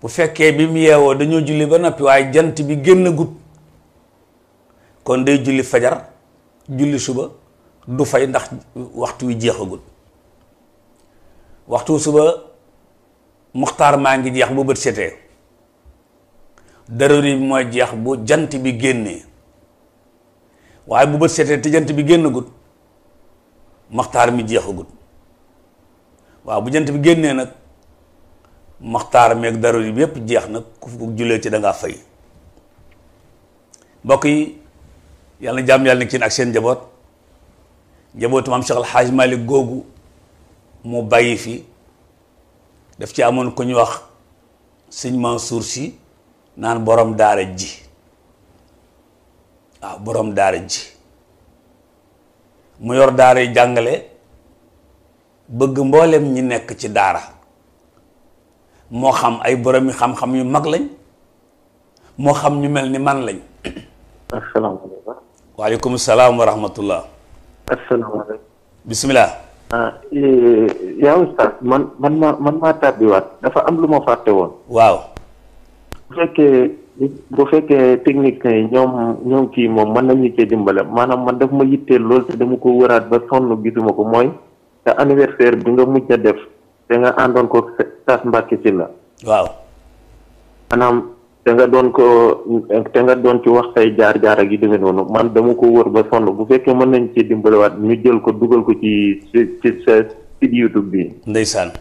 bu fekkee bi mu yeewoo dañoo julli ba noppi waaye jant bi génn gut kon day julli fajar julli suba du fay ndax waxtu wi jeexagut waxtu suba muxtaar maa ngi jeex bu bët setee daruri bi mooy jeex bu jant bi génnee waaye bu bët seetee te jant bi génnagut maxtaar mi jeexagut waaw bu jant bi génnee nag maxtaar meeg daruri bi yépp jeex nag ku fi julee ci dangaa fay mbokk yi yàlla na jàmm yàlla na kiin ak seen njaboot njabootu maam Cheikh Al Hadj googu mu bàyyi fii daf ci amoon ku ñu wax sëñ Mansour si naan boroom daara ji waaw boroom daara ji mu yor daara yi jàngale bëgg mbooleem ñi nekk ci daara moo xam ay boromi xam-xam yu mag lañ moo xam ñu mel ni man lañ. asalaamaaleykum. waaleykum salaam wa rahmatullah. bisimilah. ah eh, eh, yaa ustaz man man maa tàbbiwaat dafa am lu ma fàtte woon. waaw. bu fekkee bu fekkee technique yi ñoom ñoom kii moom mën nañu cee dimbale maanaam man daf ma yitteel lool te dama ko wëraat ba sonn gisuma ko mooy te anniversaire bi nga mujj a def te nga àndoon ko Sass Mbacké Sylla waaw maanaam te nga doon ko te doon ci wax say jaar-jaar ak yi demee noonu man dama ko wër ba sonn bu fekkee mën nañ ci dimbalewaat ñu jël ko dugal ko ci ci ci sa site YouTube bi ndeysaan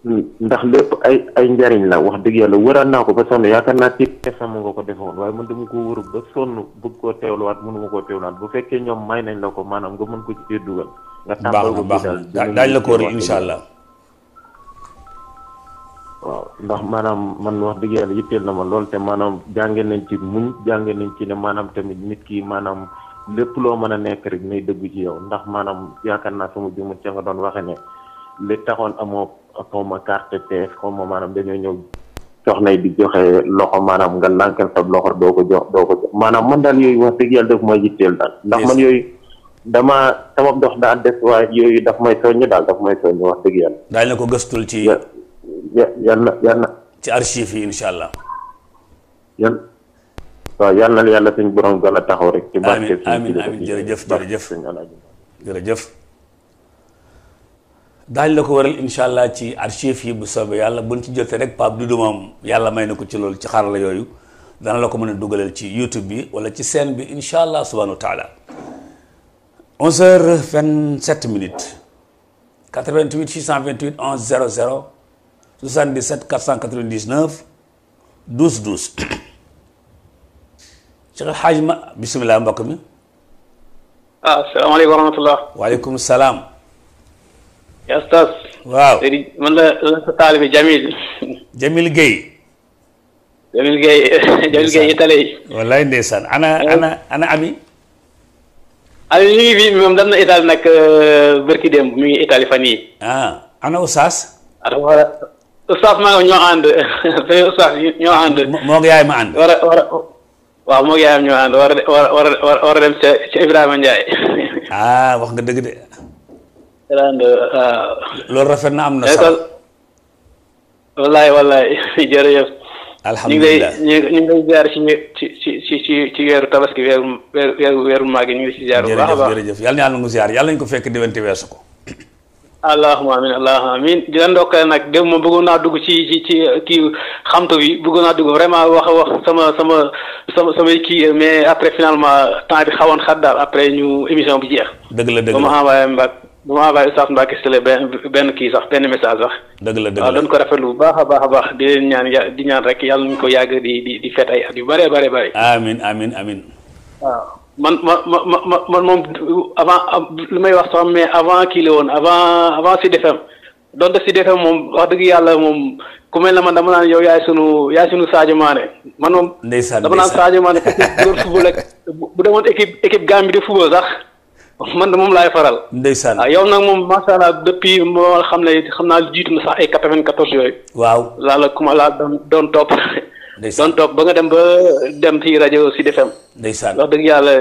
ndax lépp ay ay njariñ la wax dëgg yàlla wëraat naa ko ba sonn yaakaar naa ci FM ko defoon waaye man dama ko wëru ba sonn bëgg koo teewluwaat mënuma koo teewluwaat bu fekkee ñoom may nañ la ko maanaam nga mën ko ci dugal. nga tàmbal ko baax daañ la ko wër incha allah. waaw ndax maanaam man wax dëgg yàlla yitteel na ma lool te maanaam jànge nañ ci muñ jànge nañ ci ne maanaam tamit nit kii maanaam lépp loo mën a nekk rek nay dëgg ci yow ndax maanaam yaakaar naa sama jëmm ca nga doon waxe ne li taxoon amoo xaw ma carte TF xaw maanaam dañoo ñëw soxna yi di joxe loxo maanaam nga lànkal sa loxo doo ko jox doo ko maanaam man daal yooyu wax dëgg yàlla daf may yitteel daal ndax dama sama dox daa des waaye yooyu daf may soññ daal daf may wax dëgg yàlla daal na ko gëstul ci yal na yal na ci archive yi insha allah yal waaw na yàlla suñ borom gën a taxaw rek ci barke jëf amiin jërëjëf jërëjëf jërëjëf daañ la ko waral incha allah ci archive yi bu soobee yàlla buñ ci jotee rek Pape Doudou moom yàlla may na ko ci loolu ci xarala yooyu dana la ko mën a dugalal ci YouTube bi wala ci scène bi incha allah subhanahu wa taala 11h27 minutes 88 628 11 00 77 499 12 12 Cheikh Xaaj ma bisimilah mbokk mi. ah salaamaaleykum wa rahmatulah. waaleykum salaam. Oustaz. waaw sëriñ man la sa taalibe Jamil. Jamil Guèye. Jamil Guèye Jamil ana ana ana Ami. Ami mi ngi fi moom dem na Italie nag barki démb mi ngi Italie fan yii. ana Oustaz. ah maa ñoo ànd fëy Oustaz ñoo ma ànd. war a war a waaw moo ngi yaayam ñoo ànd war a war dem ca ca Ibrahima teraanga loolu eh, rafet eh, na am na sax wallaay wallaay [LAUGHS] jërëjëf. alhamdulilah ñu ngi lay ñu ngi lay ci ci ci ci ci weeru tabaski weeru weeru weeru maag yi ñu ngi si a baax jërëjëf yàlla na yàlla na mu ziar yàlla nañu ko fekk déwénti weesu ko. allahumma amiin allahumma amiin dina ndokkale nag dem ma bëggoon naa dugg ci ci ci eh, kii xamtu bi bëggoon naa dugg vraiment wax wax sama sama sama samay kii mais après finalement temps bi xawoon xat daal après ñu émission bi jeex. dëgg la dëgg la bu ma envoyé Oustaz Mbacke Sylla benn benn kii sax benn message sax. dëgg la dëgg la waaw doon ko rafetlu bu baax a baax a baax di leen ñaan ya di ñaan rek yàlla nañu ko yàgg di di di fet ay at yu bëree bëri bëri. amiin amiin amiin. waaw man ma ma ma man moom avant lu may wax sax mais avant kii la woon avant avant Sud FM donte Sud FM moom wax dëgg yàlla moom ku mel ne man dama naan yow yaay sunu yaay sunu Sadio Mané. man moom. ndeysaan dama naan Sadio Mané bu [LAUGHS] doon football ak bu demoon équipe équipe Gambie de football sax. man de moom laay faral. ndeysaan waaw ah, yow nag moom macha allah depuis moo xam ne xam naa jiitu na sax ay quatre-vingt-quatorze yooyu. waaw laa la kuma laa doon doon topp. ndeysaan doon topp ba nga dem ba dem ci rajo Sud FM. ndeysaan wax dëgg yàlla.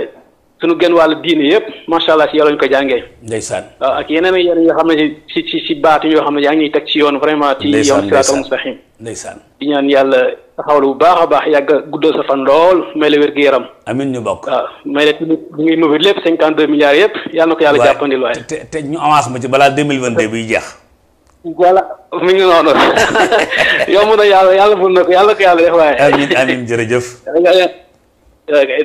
suñu gën wàllu diine yëpp macha allah si yow lañ ko jàngee. ndeysaan waaw ak yeneen ak yoo xam ne si si si yoo xam ne yaa ngi ñuy teg ci yoon vraiment. ci yoon siraatal mustaqim ndeysaan di ñaan yàlla taxawlu bu baax a baax yàgg a guddal sa fan lool may la wér gu yaram. amiin ñu bokk waaw may la tamit ñu ngi mébét lépp cinquante deux milliards yëpp yàlla ko yàlla jàppandil waaye. te te ñu avance ma ci balaa deux mille vingt deux biy jeex. voilà mi ngi noonu [LAUGHS] yomb na yàlla yàlla mun yàlla ko yàlla def waaye.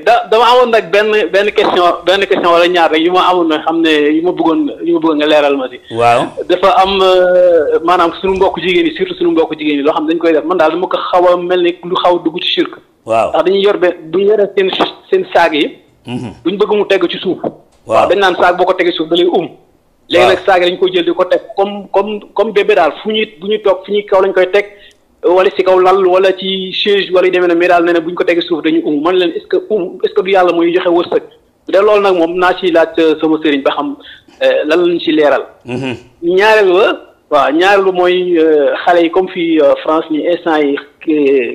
da dama amoon nag benn benn question benn question wala ñaar rek yu ma amoon na xam ne yu ma bëggoon yu ma nga leeral ma si. waaw dafa am euh, maanaam suñu mbokk jigéen yi surtout suñu mbokk jigéen yi loo xam dañ koy def man daal ma ko xaw a mel ni lu xaw dugg ci sirk. waaw ndax dañuy yor be bu ñu yoree seen seen saag yi. Mm-hmm. duñ bëgg mu teg ci suuf. waaw dañ naan saag boo ko tegee suuf da lay um. léegi nag saag yi dañ koy jël di ko teg comme comme comme bébé daal fu ñuy bu ñuy toog fu ñuy kaw lañ koy teg. wala si kaw lal wala ci chaise wala yu demee na mais daal nee na bu ñu ko tege suuf dañu um man leen est um est du yàlla mooy joxe wërsëg de lool nag moom naa ci laaj euh, sama sëriñ ba xam euh, lan ñu ci leeral. Mm-hmm. ñaareel ba waaw ñaareel ba mooy euh, xale yi comme fii France ni instant yi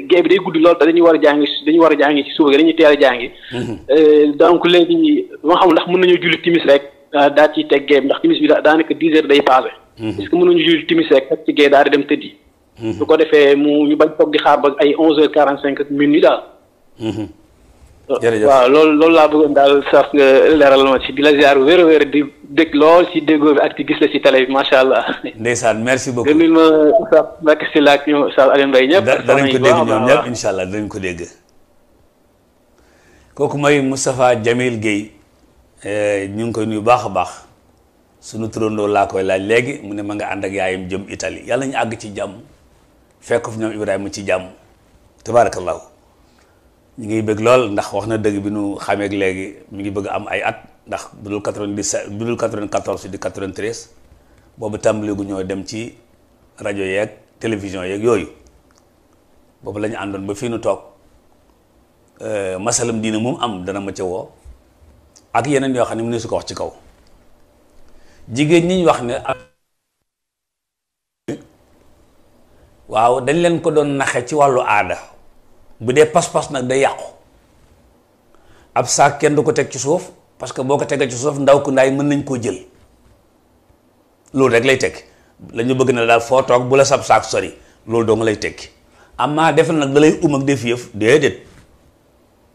géej bi day guddi lool dañuy war a jàngi dañu war a jàngi ci suba gi dañuy teel a jàngi. Mm-hmm. donc léegi ma xam ndax mën nañoo julli timis rek daa ciy teg géej ndax timis bi daanaka dix heures day passé. Mm-hmm. est-ce que mën nañu julli timis rek ci géej daal di dem Mhm. su ko defee mu ñu bañ toog di xaar ba ay onze heures quarante cinq ak minuit daal. Mhm. Euh, waaw loolu loolu laa bëggoon daal sax nga leeral ma ci di la ziar wér wér di dégg lool ci déggoo bi ak di la ci télé bi macha allah. ndeysaan merci beaucoup gënul ma sax Mbacke Sylla ak ñoom Oustaz danañ ko dégg ñoom ñëpp ko dégg. kooku mooy Moustapha Jamil Guèye euh, ñu ngi koy nuyu baax a baax sunu turandoo laa koy laaj léegi mu ne ma nga ànd ak yaayam jëm Italie yàlla ñu àgg ci jàmm. fekk fu ñoom Ibrahima ci jàmm tabaarakallaahu ñu ngi bëgg lool ndax wax na dëgg bi nu xameek léegi mu ngi bëgg am ay at ndax bu dul 97 bu dul 94 di 93 boobu tàmbali gu ñoo dem ci rajo yeeg télévision yeeg yooyu boobu la ñu àndoon ba fi nu toog euh, masalam diina moom am dana ma ca woo ak yeneen yoo xam ne mu ne su ko wax ci kaw jigéen ñi ñu wax ne. waaw dañ leen ko doon naxe ci wàllu aada bu dee pas-pas nag day yàqu ab saak kenn du ko teg ci suuf parce que boo ko tegee ci suuf ndaw ku ndaay mën nañ koo jël loolu rek lay tekki lañu bëgg na daal foo toog bu la sab saak sori loolu doo nga lay tekki amaa def na nag da um ak def yëf déedéet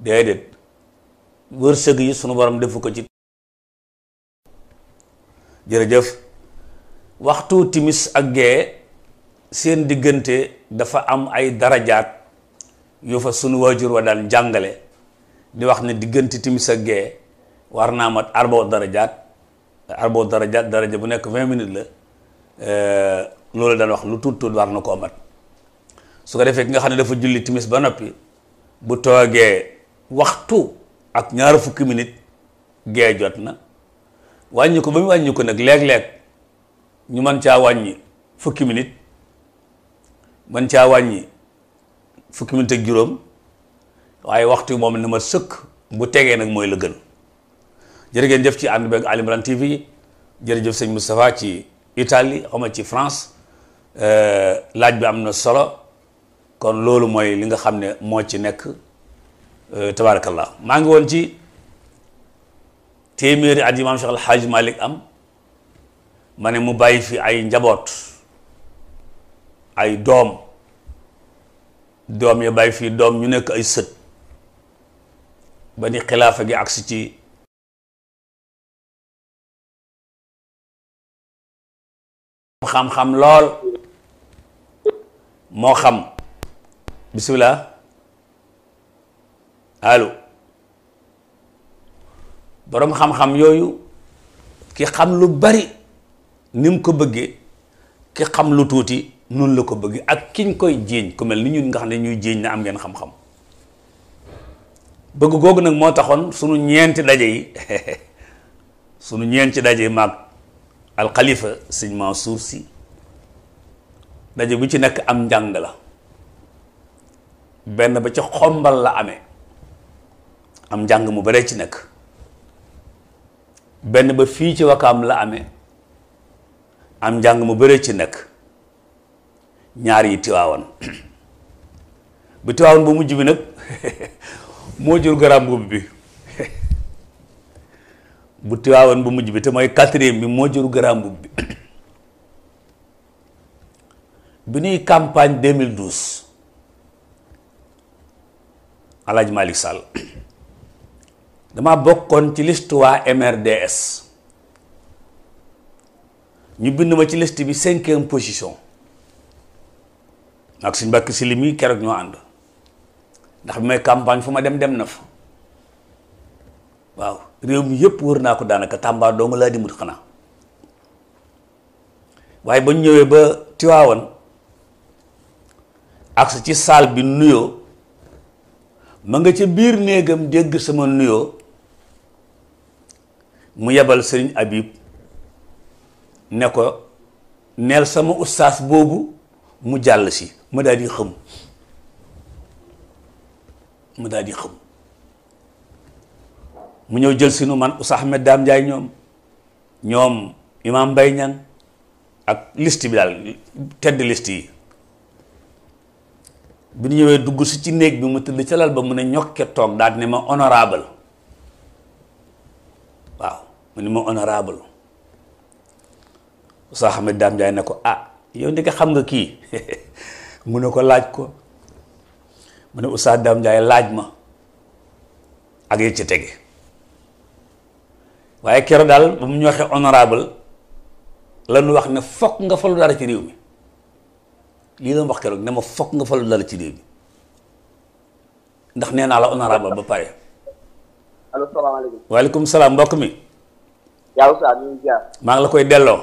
déedéet wërsëg yi sunu borom defu ko ci jërëjëf waxtu timis ak gee seen diggante dafa am ay darajaat yu fa sunu waajur wa daan jàngale di wax ne diggante timis ak gee war naa mat arboo darajaat arboo darajaat daraja bu nekk vingt minutes la eh, loolu daan wax lu tuut tuut war na koo mat su ko defee ki nga xam ne dafa julli timis ba noppi bu toogee waxtu ak ñaar fukki minutes gee jot na wàññi ko ba mu wàññi ko nag léeg-léeg ñu mën caa wàññi fukki minutes mën caa wàññi fukki minute juróom waaye waxtu yi moom na ma sëkk bu tegee nag mooy la gën jërë ngeen jëf ci ànd beeg Ali Imran TV sëñ Moustapha ci itali xaw ci France euh, laaj bi am na solo kon loolu mooy li nga xam ne moo ci nekk euh, tabaarakallah maa ngi woon ci téeméeri at yi maam Cheikh Al am ma ne mu bàyyi fi ay njaboot ay doom doom ya bàyyi fii doom ñu nekk ay sët ba ni xilaafa gi aksi ci xam-xam lool moo xam bisimilah allo boroom xam-xam yooyu ki xam lu bari ni mu ko bëggee ki xam lu tuuti noonu la ko bëgg ak kiñ koy jéeñ ku mel ñun nga xam ne ñuy jéeñ na am ngeen xam-xam bëgg googu nag moo taxoon sunu ñeenti daje yi [LAUGHS] sunu ñeenti daje yi maag alxalifa sëñ suuf si daje bu ci nekk am njàng la benn ba ci xombal la amee am njàng mu bare ci nekk benn ba fii ci wakaam la amee am njàng mu bare ci nekk ñaar yi tiwaawoon bu tiwaawoon ba mujj bi nag [LAUGHS] moo jur garaam mbubb bi [LAUGHS] bu tiwaawoon ba mujj bi te mooy quatrième bi moo jur garaam mbubb bi [COUGHS] bi ñuy campagne 2012 Alaaji Malick Sall [COUGHS] dama bokkoon ci liste waa MRDS ñu bind ma ci liste bi cinquième position ak suñ mbàkk si limi keroog ñoo ànd ndax bi may campagne fu ma dem dem na fa waaw réew mi yépp wër naa ko daanaka Tamba dong laa di xanaa waaye ba ñu ñëwee ba Tiwaawan ak sa ci saal bi nuyoo ma nga ca biir néegam dégg sama nuyoo mu yebal sëriñ Habib ne ko neel sama ustaas boobu mu jàll si ma daal di xëm ma daal xëm mu ñëw jël sinu man Oustaz Ahmed Dame Ndiaye ñoom ñoom Imam bay ñan ak list bi daal tedd liste yi bi ñu ñëwee dugg si ci néeg bi mu tëdd ca lal ba mu ne ñokke toog daal ne ma honorable waaw mu ne ma honorable Oustaz Ahmed Dame Ndiaye ne ko ah yow ndeke xam nga kii [LAUGHS] mu ne ko laaj ko mu ne Oustaz Dame Ndiaye laaj ma ak yi ci tege waaye kero daal ba mu ñu waxee honorable lañu wax ne fokk nga falu dara ci réew mi lii la wax keroog ne fokk nga falu dara ci réew mi ndax nee naa la honorable ba pare. allo salaamaaleykum. salaam mbokk mi. yaa ngi maa ngi la koy delloo.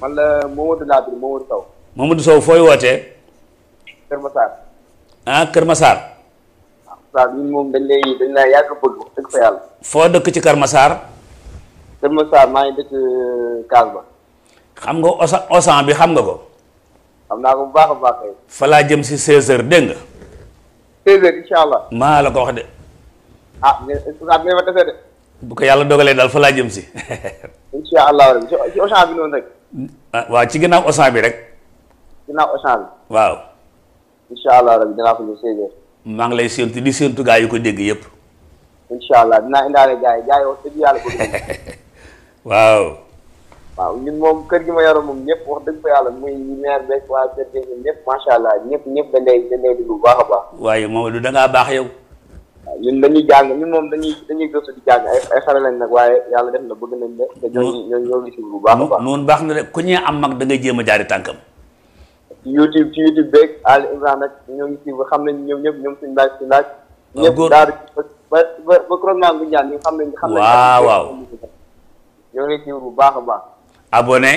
man la Momadou Nabir Momadou Sow. Mamadou Sow fooy wootee. Kër Massar. Ah, Kër Massar. waaw ñun moom dañ lay dañ laa yàlla. foo dëkk ci Kër Massar. Kër Massar maa ngi dëkk euh, Kaas ba. xam nga osa bi xam nga ko. xam naa ko bu baax a baax kay. laa jëm si 16h dégg nga. 16h allah. maa la ko wax ah, de. bu ko yàlla dogalee daal fa laa jëm si. [LAUGHS] incha allah ci osan bi noonu rek. Ah, ginnaaw osan bi rek. ginnaaw Auchan bi. waaw. incha allah rabi dinaa ko ñëw seize heures. maa ngi lay séentu di séentu gaa yu ko dégg yëpp. incha allah dinaa indaale gaa yi gaa yi wax yàlla ko. [LAUGHS] waaw. waaw ñun moom kër gi ma yoroon moom ñëpp wax dëgg yàlla muy maire beeg waa kër allah ñëpp ñëpp dañ lay dañ bu baax a baax. waaye Mamadou da ngaa baax yow. waaw ñun dañuy jàng ñun moom dañuy dañuy gëstu di jàng ay ay nag waaye yàlla def na bëgg nañ de. te ñooñu a baax. noonu baax na rek ku ñee am mag da ngay jéem a jaari tànkam. YouTube ci YouTube beeg Ali Imran nag ñoo ngi suivre xam nañ ñoom ñëpp ñoom suñu laaj suñu ah, laaj. ñëpp daal ba ba ba croisement bu ñaan ñu xam nañ. xam nañ waaw ngi suivre bu baax a baax. abonné.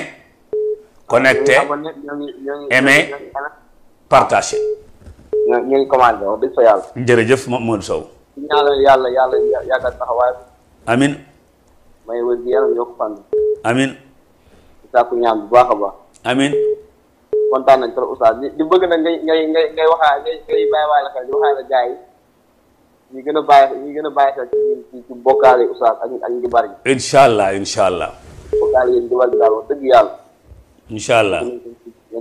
connecté aimé partagé. ñu ngi commandé wax dëgg fa yàlla. jërëjëf Modou Sow. ñaanal yàlla yàlla yàggal taxawaay. amin may wër gi yaram yokk fan. amin sàkku ñaan bu baax baax. amin kontaan nañ trop oustaz di bëgg nag ngay ngay ngay ngay ngay ngay bàyyi la xel di waxaa la gars yi ñu gën a bàyyi ñu gën a bàyyi xel ci ak ak njibar yi incha allah incha allah bokkaale yi allah yéen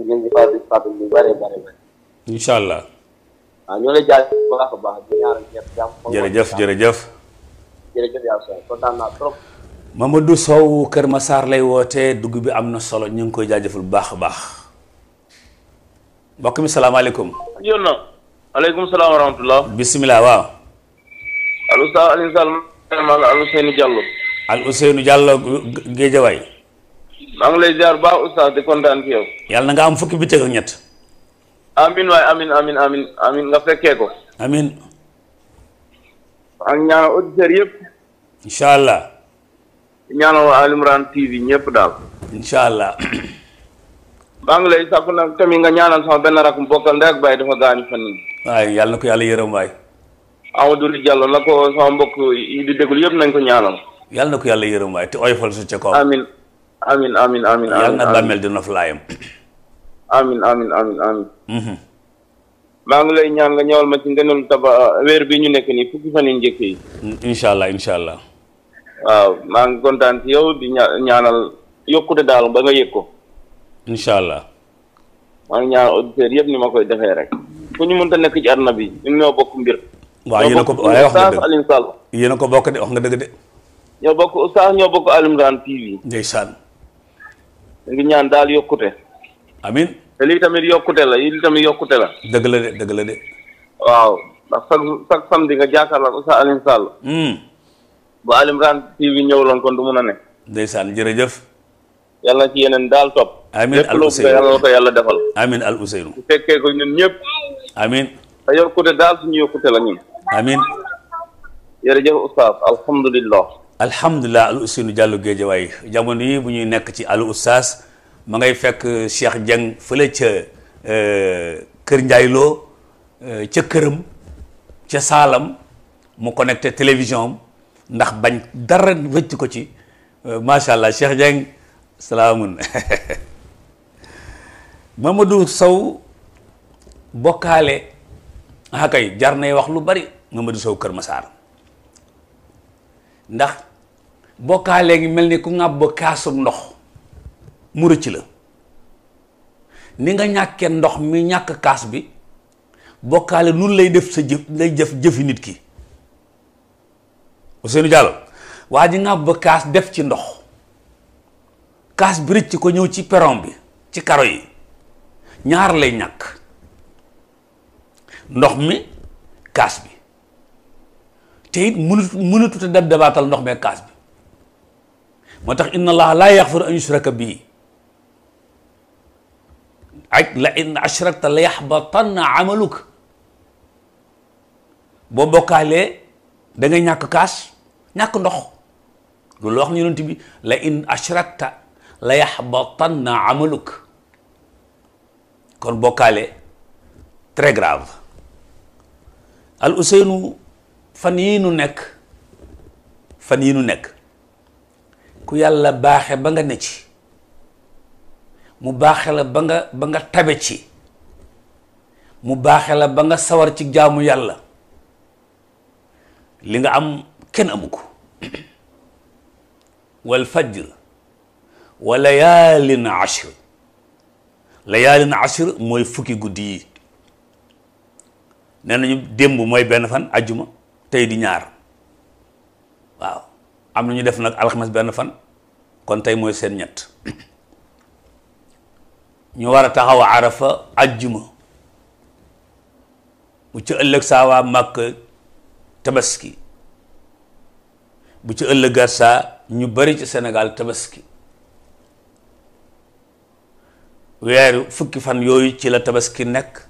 yéen njibar bi fàtte ñu bare bare jërëjëf jërëjëf jërëjëf yaa soxna kontaan naa trop Mamadou Sow Kër Massar lay wootee dugg bi am na solo ñu ngi koy jaajëfal bu baax a baax bokk mi salaamaaleykum. yoon na. aleykum salaam wa rahmatulah. bisimilah waaw. allo Sa Alioune Sall maa ngi Al Ousseynou Diallo. Al Ousseynou Diallo Géejawaay. maa ngi lay ziar baax oustaz di kontaan ci nga am fukki bëccëg ak ñett. amin waay amin amin amin amin nga fekkee ko. amin ak ñaanal auditeurs yëpp. incha allah. ñaanal TV ñëpp daal. incha [CLEARS THROAT] maa ngi lay sàkku nag nga ñaanal benn rakk bokkal ndey ak baay yàlla ko yàlla yërëm waay. Amadou Diallo na ko ko ñaanal. yàlla ko yàlla yërëm ngi lay ñaan nga ñëwal ma ci ngëneelu taba uh, weer bi ñu nekk nii fukki fan yu njëkk yi. Mm, incha allah incha allah. waaw maa ngi kontaan ci yow di ñaanal yokkute daal ba nga yëg ko. incha allah. maa ngi ñaan auditeurs yëpp ni ma koy defee rek. fu ñu mënta nekk ci àdduna bi ñun ñoo bokk mbir. waaw a ko waaye wax nga dëgg Alioune a ko bokk de wax nga dëgg de. ñoo bokk Oustaz ñoo bokk Al TV. ndeysaan. ñu ngi ñaan daal yokkute. amin te lii tamit yokkute la lii tamit yokkute la. dëgg la de dëgg la de. waaw ndax chaque chaque nga jàkkaarloo ak Oustaz Alioune Sall. bu Al Imran TV kon du mun a ne. ndeysaan jërëjëf. yàlla ci yeneen daal topp. amiin al Ousseynou lépp loo ko yàlla defal. amiin al Ousseynou. bu fekkee ko ñun ñëpp. amiin. te yokkute daal suñu yokkute la ñun. amiin. jërëjëf oustaz alhamdulilah. alhamdulilah al Ousseynou Diallo Géeja waaye jamono yi bu ñuy nekk ci al oustaz ma ngay fekk Cheikh Dieng fële ca euh, Kër Ndiayloo euh, ca këram ca Saalam mu connecté télévision am ndax bañ dara wëcc ko ci euh, macha allah Cheikh Dieng. salaamun [LAUGHS] Mamadou saw bokkaale ah jar nay wax lu bari Mamadou Sow Kër Masaar ndax bokkaale ngi mel ni ku ŋàbb kaasub ndox mu rëcc la ni nga ñàkkee ndox mi ñàkk kaas bi bokkaale nun lay def sa jëf lay jëf jëfi nit ki Ousseynou Diallo waa ji ŋàbb kaas def ci ndox kaas bi ci ko ñëw ci peron bi ci karo yi ñaar lay ñàkk ndox mi kaas bi te it mënut mënatut dab dabaatal ndox mee kaas bi moo tax inna allaha laa yaxfiru an yushraka bii ak la in ashrakta la yaxbatanna amaluk boo bokkaalee dangay ñàkk kaas ñàkk ndox loolu wax na yonent bi la in ashrakta la yaxbatanna amaluk kon bokkaale très grave al useynu fan yii nu nekk fan yii nu nekk ku yàlla baaxe ba nga ne ci mu baaxe la ba nga tabe ci mu baaxe la ba nga sawar ci jaamu yàlla li nga am kenn amu ko [CLEARS THROAT] wal fajr wa layaalin ashr layaalin ashr mooy fukki guddi yi nee nañu démb mooy benn fan ajjuma tey di ñaar waaw am na ñu def nag alxames benn fan kon tey mooy seen ñett ñu war a taxaw arafa ajjuma bu ci ëllëg saa waa màkk tabaski bu ci ëllëg saa ñu bari ci senegal tabaski weeru fukki fan yooyu ci la tabaski nekk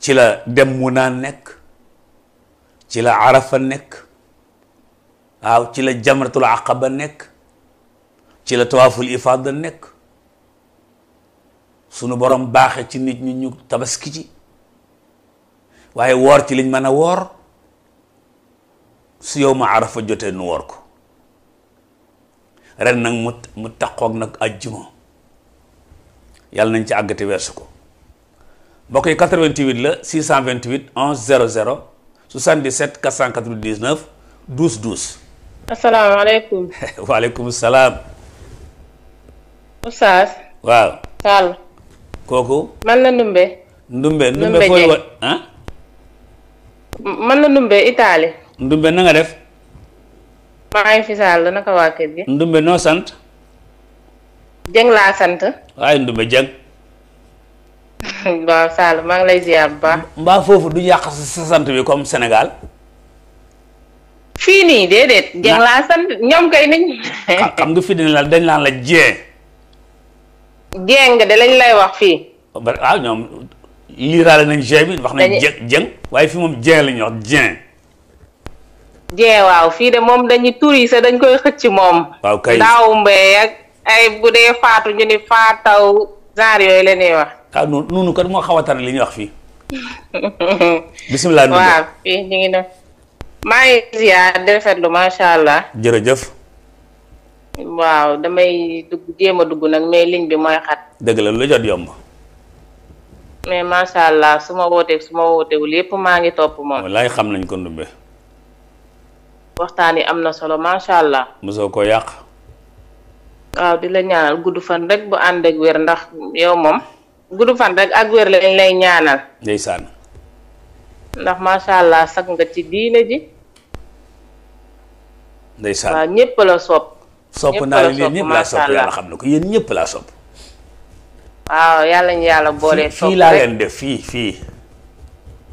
ci la dem Muna nekk ci la Arafa nekk waaw ci la jamratul aqaba nekk ci la tawaaful ifaada nekk sunu borom baaxe ci nit ñi ñu tabaski ci waaye woor ci liñ mën a woor su yow ma Arafa jotee nu woor ko ren nag mu mu taqoog nag ajjuma yàlla nañ ci àggati weesu ko mbokk yi 88 la 628 11 00 77 499 12 12. asalaamaaleykum. [LAUGHS] waaleykum salaam. Oustaz. waaw. Sall. kooku. man la Ndumbe. Ndumbe Ndumbe fooy man la Ndumbe Italie. Ndumbe na def. maa ngi fi Sall naka waa kër gi. Ndumbe noo sant. Dieng laa sant. waaye Ndoumbé Dieng. [LAUGHS] waaw Sall maa ngi lay ziar baax. mbaa foofu du yàq sa sant bi comme Sénégal. fii nii déedéet. Dieng laa sant ñoom kay nañ. xam nga fii dañ la dañ naan la de lañ lay wax fii. waaw ñoom liiraale nañ G bi wax nañ. Dieng waaye fii moom Dieng la ñuy wax Dieng. Dieng waaw fii de moom dañuy tur yi dañ koy xëcc moom. waaw kay daaw mbéy ak. ay bu dee faatu ñu ni faataw genre yooyu la ñuy wax. ah noonu noonu kat moo xaw a tane li ñuy wax fii. [LAUGHS] bisimilah. waaw fii ñu ngi def. maa ngi ziar di rafetlu macha allah. jërëjëf. waaw damay dugg jéem dugg nag mais ligne bi mooy xat. dëgg la lu jot yomb. mais macha allah su ma wootee su ma wootewul yépp maa ngi topp moom. wallaay xam nañ ko ndumbe. waxtaan yi am na solo macha allah. mosoo ko yàq. waaw di la ñaanal gudd fan rek bu ànd ak wér ndax yow moom gudd fan rek ak wér lañ lay ñaanal. ndeysaan. ndax macha allah sag nga ci diine ji. ndeysaan waaw ñëpp la sopp. sopp naa leen ñëpp la sopp yàlla xam na ko yéen ñëpp laa sopp. waaw yàlla boole. sopp fii fii fii.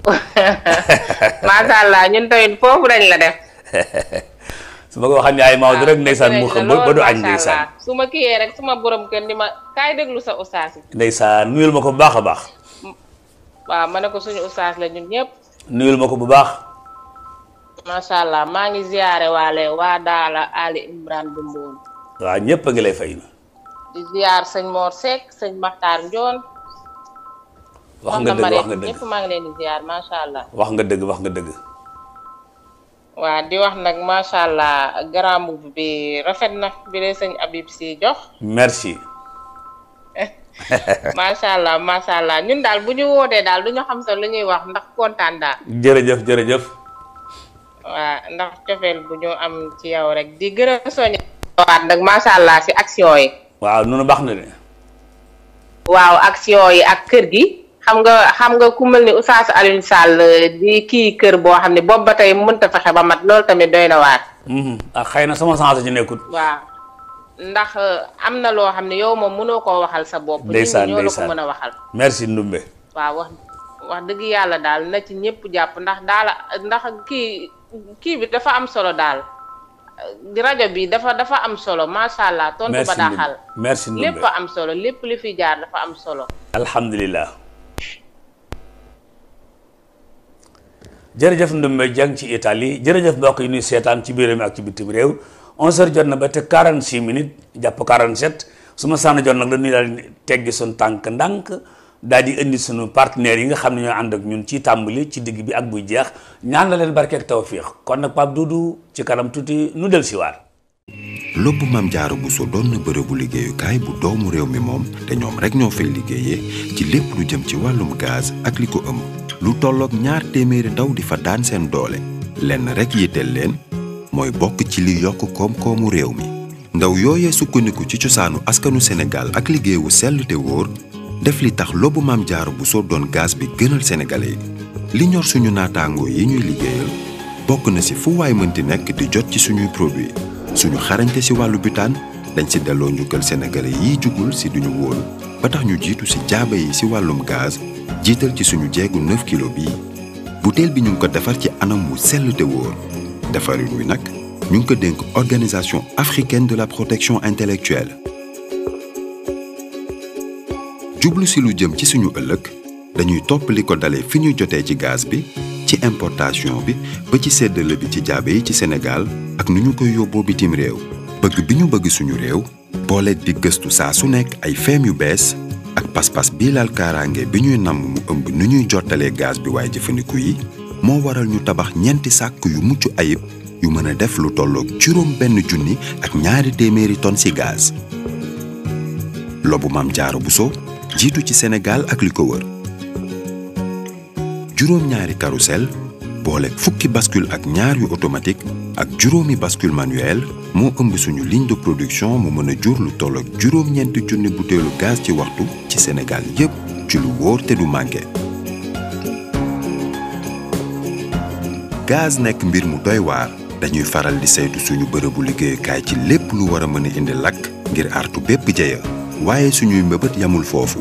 [LAUGHS] macha allah ñun tamit foofu dañ la def. [LAUGHS] su ma ko waxaat ne ay Maodo rek ndeysaan mu xam ba du añ ndeysaan su ma kiyee rek su ma kenn kër ni ma kaay déglu sa ustaas yi ndeysaan nu ma ko bu baax a baax waaw ma ne ko suñu ustaas la ñun ñëpp nuyul ma ko bu baax macha allah maa ngi ziyaare waale waa daala Ali Imran bu Mbour waaw ñëpp a ngi lay fay di ziyaar sëñ Mor Seck sëñ Maxtaar Njoon wax nga dëgg wax nga dëgg ñëpp maa ngi leen di ziyaar macha allah wax nga dëgg wax nga dëgg waa di wax nag macha allah garamu bi rafet na bi lay sëñ Habib si jox. merci. [LAUGHS] macha allah macha allah ñun daal bu ñu wootee daal du ñu xam sax lu ñuy wax ndax kontaan daal. jërëjëf jërëjëf. waa ndax cofeel bu ñu am ci yaw rek di gën a soññ. waat nag macha allah si action yi. waaw nu baax na de. waaw action yi ak kër gi. xam nga xam nga ku mel ni Oustaz Alioune Sall di kii kër boo xam ne boobu ba tey mënut a fexe ba mat loolu tamit doy na waar. Mhm. ak ah, xëy na sama sens ji nekkul. waa ndax eh, am na loo xam ne yow moom mënoo koo waxal sa bopp. ndeysaan ñoo la ko mën a waxal. merci Ndumbe. waaw wax wax dëgg yàlla daal na ci ñëpp jàpp ndax daal ndax kii kii bi dafa am solo daal. Eh, rajo bi dafa dafa am solo macha allah. tontu ba daaxal lépp am solo lépp li fi jaar dafa am solo. alhamdulilah. jërëjëf Ndumbe Dieng ci Italie jërëjëf mbokk yi nuy seetaan ci biir réew mi ak ci bitim réew 11 jot na ba te 46 minutes jàpp 47 su ma sànn jot nag la ñuy daal teggi suñu tànk ndànk daal di indi suñu partenaires yi nga xam ne ñoo ànd ak ñun ci tàmbali ci digg bi ak buy jeex ñaan la leen barkeeg tawfiix kon nag Pape du ci kanam tuuti nu del si waar lobb maam jaaru bu so doon na bërëbu liggéeyukaay bu doomu réew mi moom te ñoom rek ñoo fay liggéeyee ci lépp lu jëm ci wàllum gaz ak li lu tollook ñaar téeméeri taw di fa daan seen doole lenn rekk yitteel leen mooy bokk ci li yokk koom-koomu réew mi ndaw yooyee sukkandiku ci cosaanu askanu Sénégal ak liggéeyu sell te wóor def li tax lobu maam jaaru bu soo doon gaz bi gënal sénégalais yi li ñor suñu naataangoo yi ñuy liggéeyal bokk na si fu waay mënti nekk di jot ci suñuy produit suñu xarañte ci wàllu butaan dañ ci delloo njukkal sénégalais yiy jugul si duñu wóolu ba tax ñu jiitu ci jaaba yi ci wàllum gaz jiital ci suñu jéegu 9 kilo bii butéel bi ñu ngi ko defar ci anam wu sell te nag ñu ngi ko dénk organisation africaine de la protection intellectuelle jublu si lu jëm ci suñu ëllëg dañuy topp li ko dale fi ñu jotee ci gaz bi ci importation bi ba ci séddale bi ci jaabe yi ci Sénégal ak nu ñu koy yóbboo bitim réew bëgg bi ñu bëgg suñu réew booleet di gëstu saa su nekk ay feem yu bees ak pas-pas bii laal kaaraange bi ñuy namm mu ëmb nu ñuy jottalee gaz bi waaye jëfandiku yi moo waral ñu tabax ñeenti sàkk yu mucc ayib yu mën a def lu tollook juróom benn junni ak ñaari téeméeri tonnes ci gaz. lobu maam jaara buso jiitu ci senegal ak li ko wër juróom ñaari carrousel boole fukki bascule ak ñaar yu automatique ak juróomi bascule manuel. moo ëmb suñu ligne de production mu mën a jur lu toll ak juróom-ñeenti junni butéelu gaz ci waxtu ci Sénégal yépp ci lu wóor te du manqué. gaz nekk mbir mu doy waar dañuy faral di saytu suñu bërëbu liggéeyukaay ci lépp lu war a mën a indi lakk ngir artu bépp jeya waaye suñuy mbëbët yamul foofu.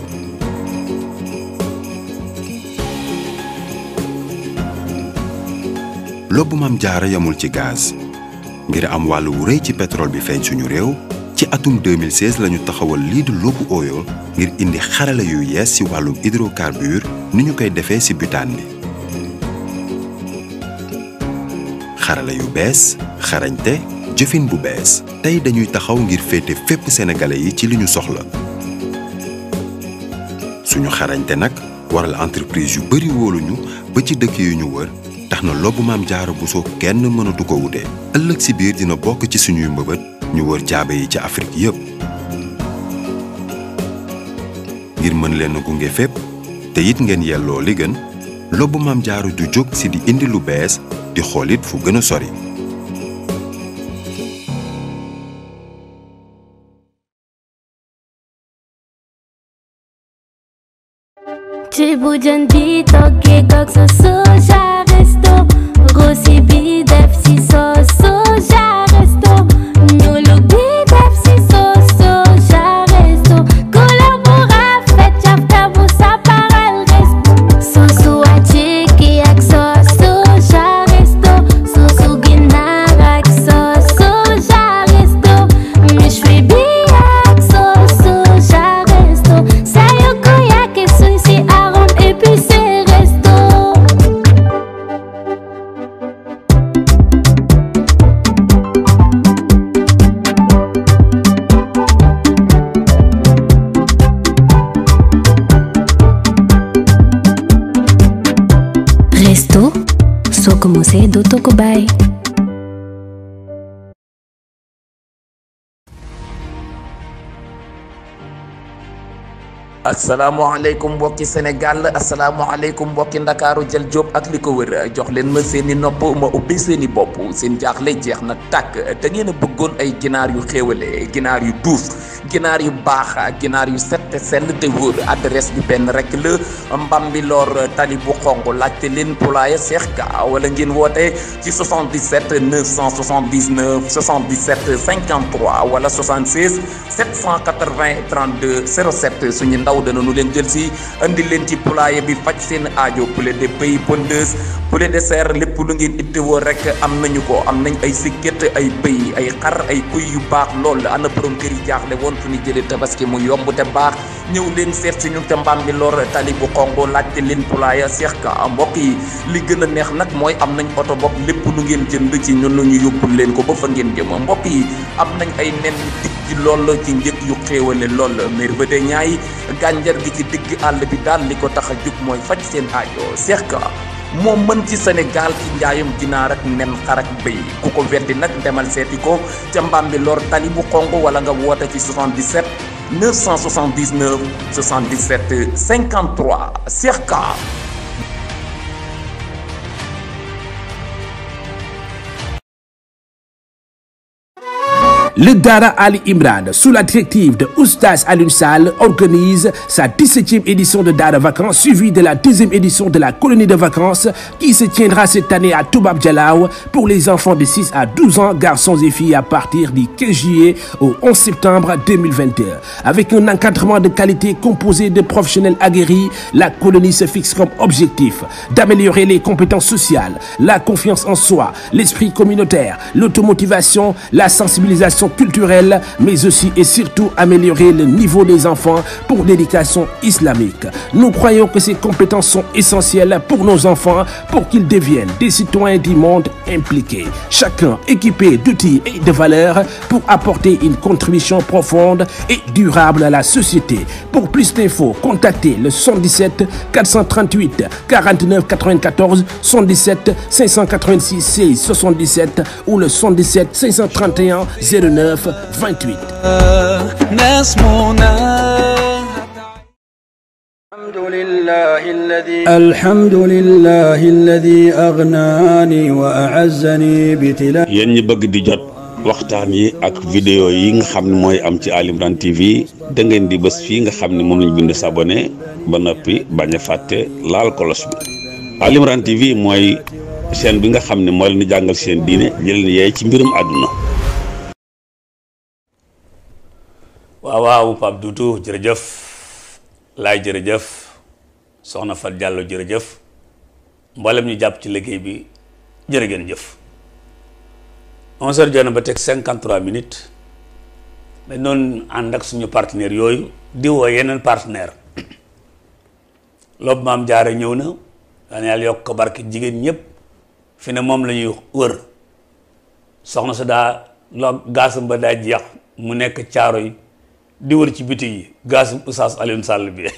lobbu maam jaara yamul ci gaz. ngir am wàll wu rëy ci pétrole bi feeñ suñu réew ci atum 2016 lañu taxawal lii di loobu oyo ngir indi xarala yu yees ci wàllum hydrocarbure ni ñu koy defee si butaan bi xarala yu bees xarañte jëfin bu bees tey dañuy taxaw ngir féete fépp sénégalais yi ci li ñu soxla suñu xarañte nag waral entreprise yu bari wóoluñu ba ci dëkk yu ñu wër tax na lobu maam jaara buso kenn mënatu ko wute ëllëg si biir dina bokk ci suñuy mbëbët ñu wër jaabe yi ci Afrique yépp ngir mën leen gunge fépp te it ngeen yelloo li gën lobu maam jaara du jóg si di indi lu bees di xoolit fu gën a sori asalaamaaleykum mbokki Sénégal aleykum mbokki Ndakaaru jël Jóob ak li ko wër jox leen ma seen i nopp ma ubbi seeni i bopp seen jaaxle jeex na tàkk te ngeen a bëggoon ay ginaar yu xéewale ginaar yu duuf ginaar yu baax ak ginaar yu set te sell te wóor adresse bi benn rek la Mbambilor tali bu xonq laajte leen poulailler Cheikh Ka wala ngeen woote ci 77 979 77 53 wala 76 780 32 07 suñu ndaw dana danañu leen jël si indi leen ci poulailler bi faj seen aajo poulet de pays pondeuse poulet de serre lépp lu ngeen ittewoo rek am na ñu ko am nañ ay sikket ay bëy ay xar ay kuy yu baax lool ana borom kër yi jaaxle kon fu ñu jëlee tabaski mu yomb te baax ñëw leen seet si ñu te mbaam bi lor tali bu xongo laajte leen pulaaya seex mbokk yi li gën a neex nag mooy am nañ oto bopp lépp lu ngeen jënd ci ñun ñu yóbbul leen ko ba fa ngeen jëm mbokk yi am nañ ay nen digg ci lool ci njëg yu xéewale lool mervede ñaay gànjar gi ci digg àll bi daal li ko tax a jug mooy faj seen aajo seex ka moo mën ci Sénégal ci njaayum ginaar ak nen xar ak bëy ku ko weddi nag demal seeti ko ca Mbambilor tali bu xonq wala nga woote ci 77 979 77 53 Cheikh Ka Le Dara Ali Imran, sous la directive de Oustaz Alioune organise sa 17e édition de Dara Vacances, suivie de la 10e édition de la colonie de vacances qui se tiendra cette année à Toubab Dialaw pour les enfants de à 12 ans, garçons et filles à partir du 15 juillet au 11 septembre 2021. Avec un encadrement de qualité composé de professionnels aguerris, la colonie se fixe comme objectif d'améliorer les compétences sociales, la confiance en soi, l'esprit communautaire, l'automotivation, la sensibilisation l'éducation culturelle, mais aussi et surtout améliorer le niveau des enfants pour l'éducation islamique. Nous croyons que ces compétences sont essentielles pour nos enfants pour qu'ils deviennent des citoyens du monde impliqués, chacun équipé d'outils et de valeurs pour apporter une contribution profonde et durable à la société. Pour plus d'infos, contactez le 77 438 49 94 77 586 6 77 ou le 77 531 09 9 28 الحمد لله الذي bëgg di jot waxtaan yi ak vidéo yi nga xam ne mooy am ci Ali Imran TV da di bés fii nga xam ne moom lañ bind sabone ba noppi bañ a fàtte laal kolos bi Ali Imran TV mooy seen bi nga xam ne mooy leen di jàngal seen diine jëleen yaay ci mbirum àdduna waaw Pape Duutu jërëjëf laay jërëjëf soxna Fat Diallo jërëjëf mboolem ñu jàpp ci liggéey bi jërë ngeen jëf onze heures ba teg cinquante trois minutes dañ doon ànd ak suñu partenaire yooyu di woo yeneen partenaire [CLEARS THROAT] loolu maam jaare ñëw na daan yàlla yokk ko barke jigéen ñëpp fi ne moom lañuy ñuy wër soxna sa daa loo ba daa jeex mu nekk caaro yi di wër ci biti yi gaz Oustaz Alioune Sall bi [LAUGHS]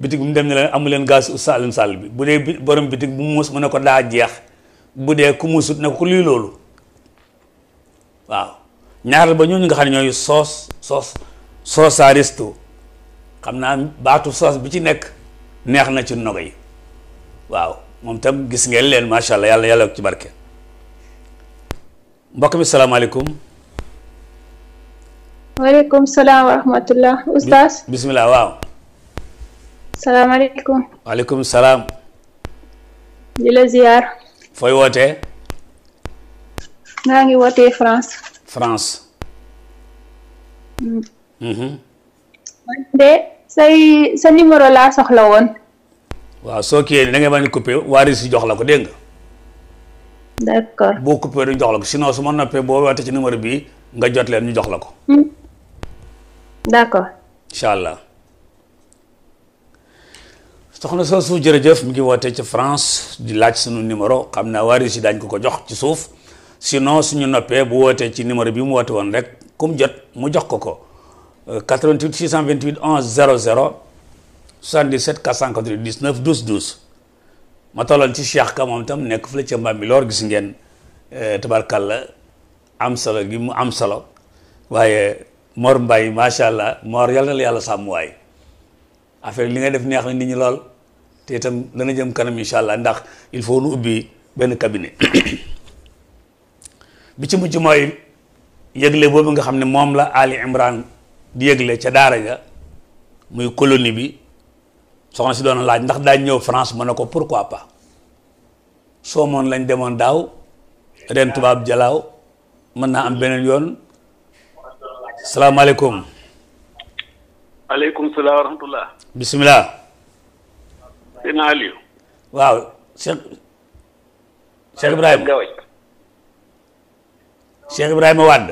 bitig bu mu dem ne leen amu leen gaz Oustaz Alioune Sall bi bu dee borom bitig bu mu mus mu ne ko daa jeex bu dee ku musut ne ko lii loolu waaw ñaareel ba ñooñu nga xam ne ñooy soos soos soosaristo xam naa baatu soos bi ci nekk neex na ci nogo yi waaw moom tam gis ngeen leen macha allah yàlla yàlla ci barke mbokk mi salaamaaleykum waaleykum salaam wa rahmatullah. oustaz bisimilah waaw. salaamaaleykum. waaleykum salaam. di la ziar. fooy wootee. maa ngi wootee France. France. Mm. Mhm. man de say laa soxla woon. waaw soo kiyee da ngay mën a coupé si jox la ko dégg nga. boo coupé du jox la ko sinon su ma noppee boo wootee ci numéro bii nga jot leen ñu jox la ko. Mm. d'accord. incha allah soxna soosu jërëjëf mu ngi wootee ca France di laaj sunu numéro xam naa waa Russie daañu ko ko jox ci suuf sinon suñu noppee bu wootee ci numéro bi mu woote woon rek ku jot mu jox ko ko 88 628 11 00 77 499 12 12 ma tolloon ci Cheikh Ka moom tam nekk fële ca Mbambilor gis ngeen euh, tabarkalla am solo gi mu am solo waaye. Mor Mbaye macha allah Mor yàlla na la yàlla sàmm waay affaire li nga def neex na nit ñi lool te itam dana jëm kanam incha allah ndax il faut nu ubbi benn cabinet [COUGHS] bi ci mujj mooy yëgle boobu nga xam ne moom la Ali Imran di yëgle ca daara ja muy colonie bi soxna si doon laaj ndax daa ñëw France ma ne ko pourquoi pas soo moon lañ demoon daaw ren tubaab jalaaw mën naa am beneen yoon salaamaaleykum. aleykum salaam wa rahmatullah. bisimilah. sëñ Aliou. waaw Cheikh. Cheikh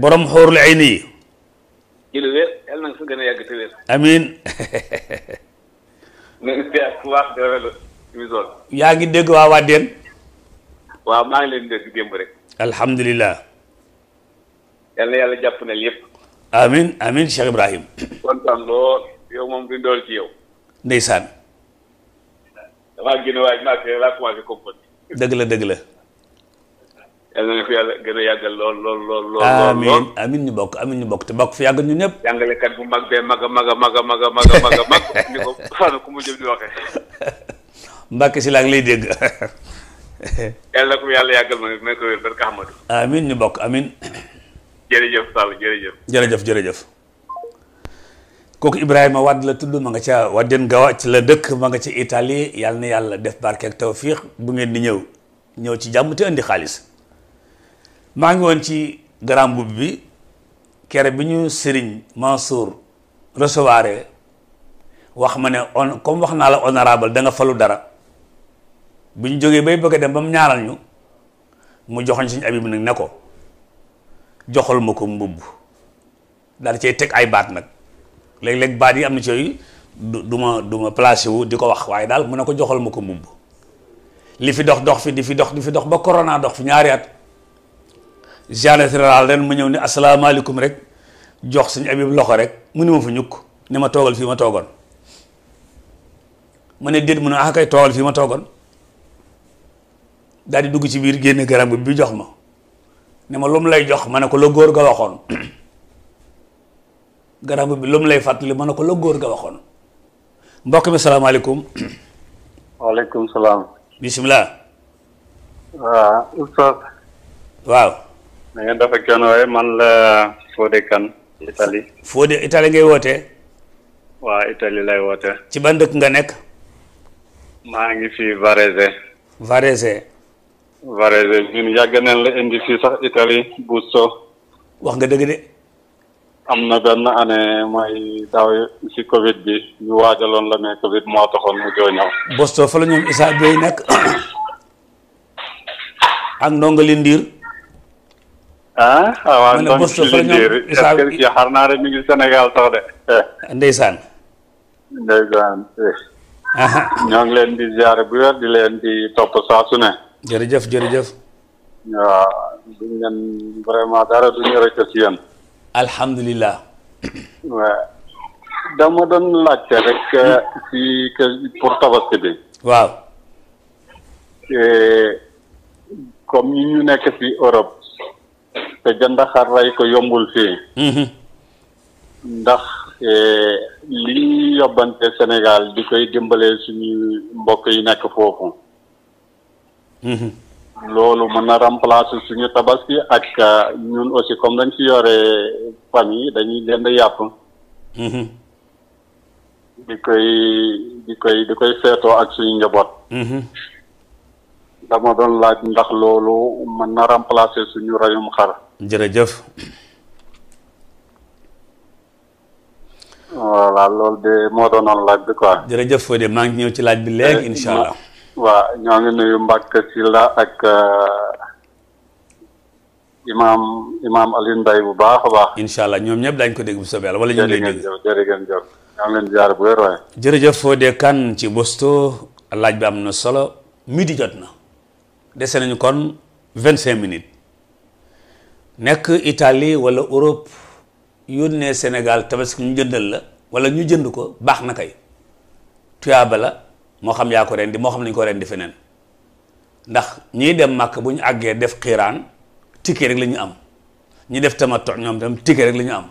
borom xóorlu ay nii. a [LAUGHS] yaa ngi dégg waa Wadeen. waaw maa ngi leen yal na yàlla jàpp na yëpp. amin amin Cheikh Ibrahim. yow moom dool ci yow. ndeysaan. damaa génn waaj gën yàggal lool lool lool. lool amin amin ñu ñu bokk te bokk fi yàgg ñu ñëpp. bu mag mag a mag a mag a si laa [LAUGHS] ngi lay dégg. yàlla na ko yàlla yàggal ma ne ko wér barka Ahmadu. amin ñu bokk amin jërëjëf Sall jërëjëf. jërëjëf jërëjëf. kooku Ibrahima Wade la tudd ma nga ca Wadeen Gawa ci la dëkk ma nga ca Italie yàlla na yàlla def barke ak tawfiix bu ngeen di ñëw ñëw ci jàmm te indi xaalis maa ngi woon ci grand mbubb bi kere bi ñu Serigne Mansour recevoir wax ma ne on comme wax naa la honorable danga falu dara bu ñu jógee bay bëgg a dem ba mu ñaaral ñu mu joxoñ suñu abi bi nag ne ko. joxal ma ko mbubb daal cay teg ay baat nag léeg-léeg baat yi am na ci yooyu du du ma du ma wu di ko wax waaye daal mu ne ko joxal ma ko mbubb li fi dox dox fi di fi dox di fi dox ba corona dox fi ñaari at général général ren mu ñëw ni asalaamaaleykum rek jox suñu abib loxo rek mu ni ma fa ñukk ne ma toogal fii ma toogoon mu ne déet mu ne ah kay toogal fii ma toogoon daal di dugg ci biir génne garab bi jox ma ne ma lu mu lay jox ma ne ko la góor ga waxoon garab bi lu lay fàttali ma ne ko la góor ga waxoon mbokk mi salaamaaleykum. waaleykum salaam. bisimilah. waaw Oustaz. dafa kenn waaye man la Fodé Kane Italie. Fodé Italie ngay woote waaw Italie lay wootee. ci ban dëkk nga nekk. maa ngi fi Varese. Varese. Varese ñun yàgg nañ la indi fii sax Italie Busto. wax nga dëgg de. am na benn année mooy daaw si Covid bi ñu waajaloon la mais Covid moo taxoon mu joo ñëw. Busto fa la ñoom Issa Diaye ndongo Lindiir. ah waaw ndongo naa ne mi ngi Sénégal sax de. Eh. ndeysaan. ndeysaan. Eh. ñoo ngi leen di ziare bu wér di leen di topp saa su ne. jërëjëf jërëjëf. waaw duñ leen vraiment dara duñu rëcc ci yéen. alhamdulilah. waaw dama doon laajte rek euh, ci kër pour tabaski bi. waaw. comme ñu ñu nekk fi Europe. te jënd rey ko yombul fii. Mhm. ndax euh, li ñuy yóbbante Sénégal di koy dimbale suñu mbokk yi nekk foofu. loolu mën na remplacer suñu tabaski ak euh, ñun aussi comme dañ ci yore famille dañuy jënd yàpp mhm. di koy di koy di koy feetoo ak suñu njaboot mhm. dama doon laaj ndax loolu mën na remplacer suñu rayum xar jërëjëf voilà loolu de moo doon laaj bi quoi jërëjëf Fodé maa ngi ñëw ci laaj bi léegi euh, incha waaw ñoo ngi nuyu Mbacke Sylla ak euh, imaam imaam Alioune Mbaye bu baax a baax. incha allah ñoom ñëpp dañ ko dégg bu soobee yàlla wala ñu ngi lay dégg jërëjëf jërëjëf ñoo ngi leen jaar bu wér waaye. jërëjëf Fodé Kane ci Bosto laaj bi am na solo midi jot na dese nañu kon vingt cinq minutes nekk Italie wala Europe yónnee Sénégal tabaski ñu jëndal la wala ñu jënd ko baax na kay tuyaaba la. moo xam yaa ko rendi moo xam nañ ko rendi feneen ndax ñiy dem màkk bu ñu àggee def xiiraan ticket rek lañu am ñi def tamattu ñoom tam ticket rek lañu am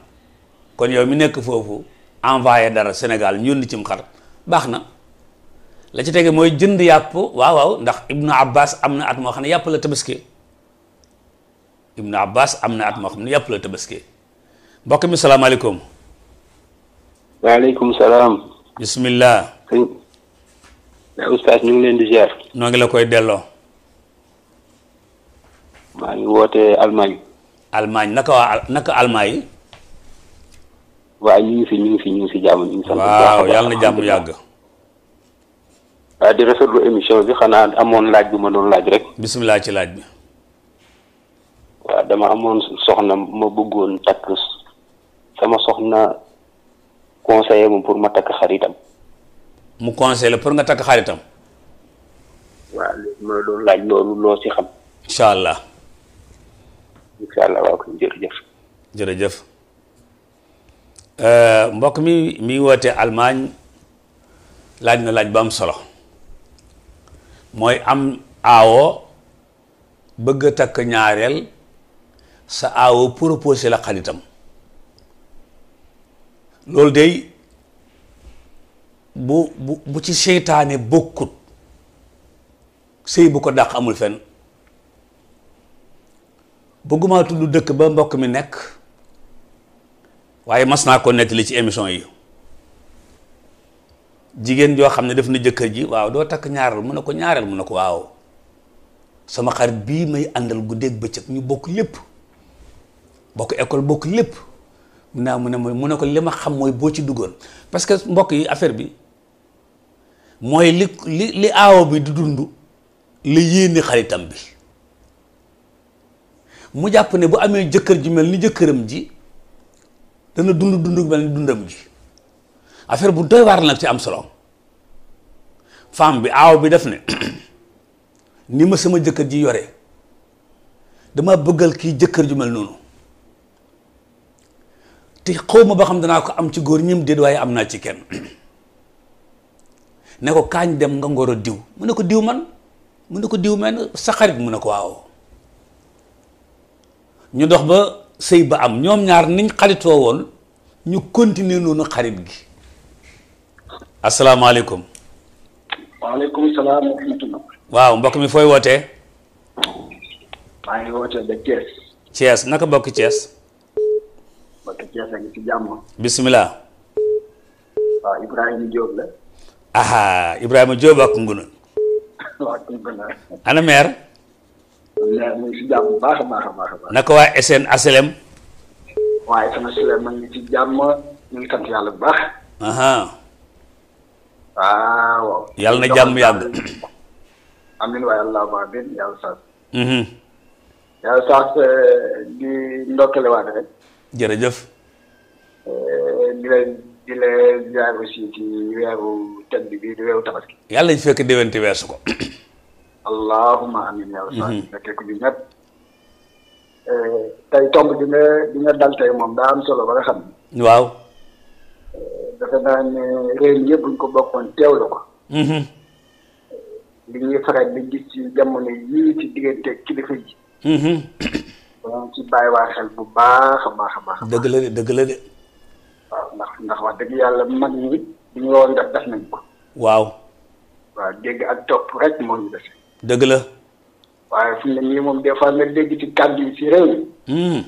kon yow mi nekk foofu envoyé dara Sénégal ñu yónni cim xar baax na la ci tege mooy jënd yàpp waaw waaw ndax Ibnu Abbas am na at moo xam ne yàpp la tabaski Ibnu Abbas am na at moo xam ne yàpp la mbokk mi salaamaaleykum. salaam. bismillah. oustaz ñu ngi leen di ziar. noo ngi la koy delloo. maa ngi wootee Allemagne. Allemagne naka waa naka Allemagne. waaw ñu ngi fi ñu ngi fi ñu ngi fi jàmm ñu waaw yàlla na jàmm yàgg. waaw ah, di rafetlu émission bi xanaa amoon laaj bu ma doon laaj rek. bisimilah ci laaj bi. waaw dama amoon soxna ma bëggoon takk sama soxna conseiller moom pour ma takk xaritam. mu conseil la pour nga takk xaritam. waaw léegi ma doon laaj loolu loo ci xam. incha allah. incha allah waaw kon jërëjëf. jërëjëf euh, mbokk mi mi woote almaañ laaj na laaj ba am solo mooy am aawo bëgg a takk ñaareel sa aawo proposé la xaritam loolu day. bu bu bu ci seytaane bokkut sëy bu ko dàq amul fenn bëgguma lu dëkk ba mbokk mi nekk waaye mas naa ko nettali ci émission yi jigéen joo xam ne daf na jëkkër ji waaw doo takk ñaareel mun ne ko ñaareel mun ne ko waaw sama xarit bii may àndal guddeeg bëccëg ñu bokk lépp bokk ecole bokk lépp mun naa mun ne mooy mu ne ko li ma xam mooy boo ci duggoon parce que mbokk yi affaire bi mooy li li aawo bi du dund li yéene xaritam bi mu jàpp ne bu amee jëkkër ji mel ni jëkkëram ji dana dund dund mel ni dundam ji affaire bu doy waar nag ci am solo femme bi aaw bi def ne [CLEARS THROAT] ni ma sama jëkkër ji yore dama bëggal kii jëkkër ju mel noonu te xaw ma ba xam danaa ko am ci góor ñim déet waaye am naa ci kenn [CLEARS THROAT] ne ko kaañ dem nga ngoro diw mu ne ko diw man mun na ko diw man sa xarit mu ne ko waaw ñu dox ba sëy ba am ñoom ñaar niñ xaritoo woon ñu continuer noonu xarit gi asalaamaaleykum. waaleykum waaw mbokk mi fooy wootee. maa ngi wootee ba naka bokk Thiès. bokk bisimilah. waaw aha Ibrahima Diop ak Nguna. Ah. ana maire. maire mu ngi si jàmm bu baax a baax a baax baax. naka waa SN HLM. baax. waaw. yàlla mhm. eh, di ndokkale waat rek. jërëjëf. Eh, di la jaay aussi ci weeru thème bi di weeru tabaski. yàlla ñu fekk déwénti weesu ko. allahumma amin yaa rabbi. Mhm. fekkee ku ñu ñëpp. Eh, tey tomb bi nga dal tey moom daa am solo ba nga xam. waaw. Eh, dafa naa ne réew mi ñu ko bokkoon teewlu ko. Mhm. li ñuy faral di gis ci jamono yii ci diggante kilifa ji. Mhm. dañu ci bàyyi waa xel bu baax baax baax. dëgg la de dëgg la de. waaw ndax ndax wax dëgg yàlla mag ñi li ñu waroon def nañ ko. waaw. waaw dégg ak topp rek moo ñu dese. dëgg la. waaye fu mu ne nii moom des fois nga dégg ci kàddu yi ci réew mi. Hmm.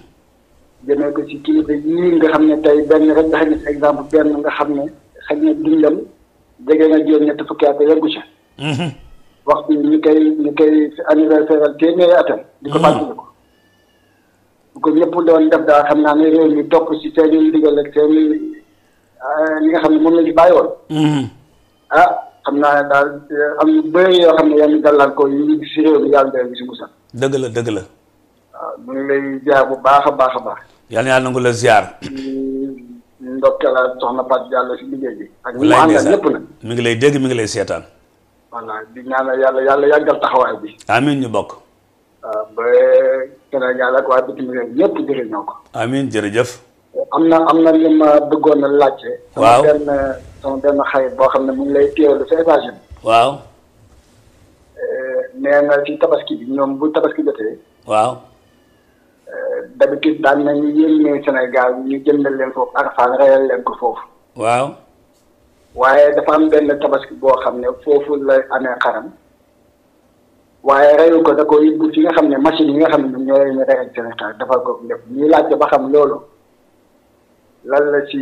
jëmee ko ci kilifa yii nga xam ne tey benn rek nga xam ne exemple benn nga xam ne xëy na dundam jege na jéem ñetti fukki at yeggu ca. Hmm. waxtu ñu koy ñu koy anniversaire téeméeri atam. di ko hmm. fàttali ko. bu ko ñëpp doon def daal xam naa ne réew mi topp si seen i ndigal ak seen euh, li nga xam ne moom la ñu bàyyi woon. Mm-hmm. ah xam naa ne daal euh, am yu bëri yoo xam ne yenn gàllankoor ko ñu si réew mi yàlla dara gis nga sax. dëgg la dëgg la. waaw ah, mu ngi lay ziar bu baax a baax a baax. yàlla na yàlla nangu la ziar. Mm, ndokkeelaat soxna Fatou Diallo si liggéey bi. ak mu àndal ñëpp nag mi ngi lay dégg mi ngi lay seetaan. voilà di ñaanal yàlla yàlla yàggal taxawaay bi. amiin ñu bokk. waaw ba Sénégal ak waa bitim réew ñëpp jëriñoo ko. amiin jërëjëf. am na am na li ma bëggoon a sama benn sama benn xarit boo xam ne mu ngi lay teewlu sa États-Unis. waaw. Eh, nee ci tabaski bi ñoom bu tabaski jotee. waaw. Eh, d'habitude daan nañu yéen Sénégal ñu jëndal leen foofu arafaan reyal leen foofu. waaw. waaye dafa am benn tabaski boo xam ne foofu la amee xaram. waaye reyu ko da ko yóbbu fi nga xam ne machine yi nga xam ne ñoom ñoo leen rey ak Sénégal defal ko lépp ñuy laajte ba xam loolu lan la ci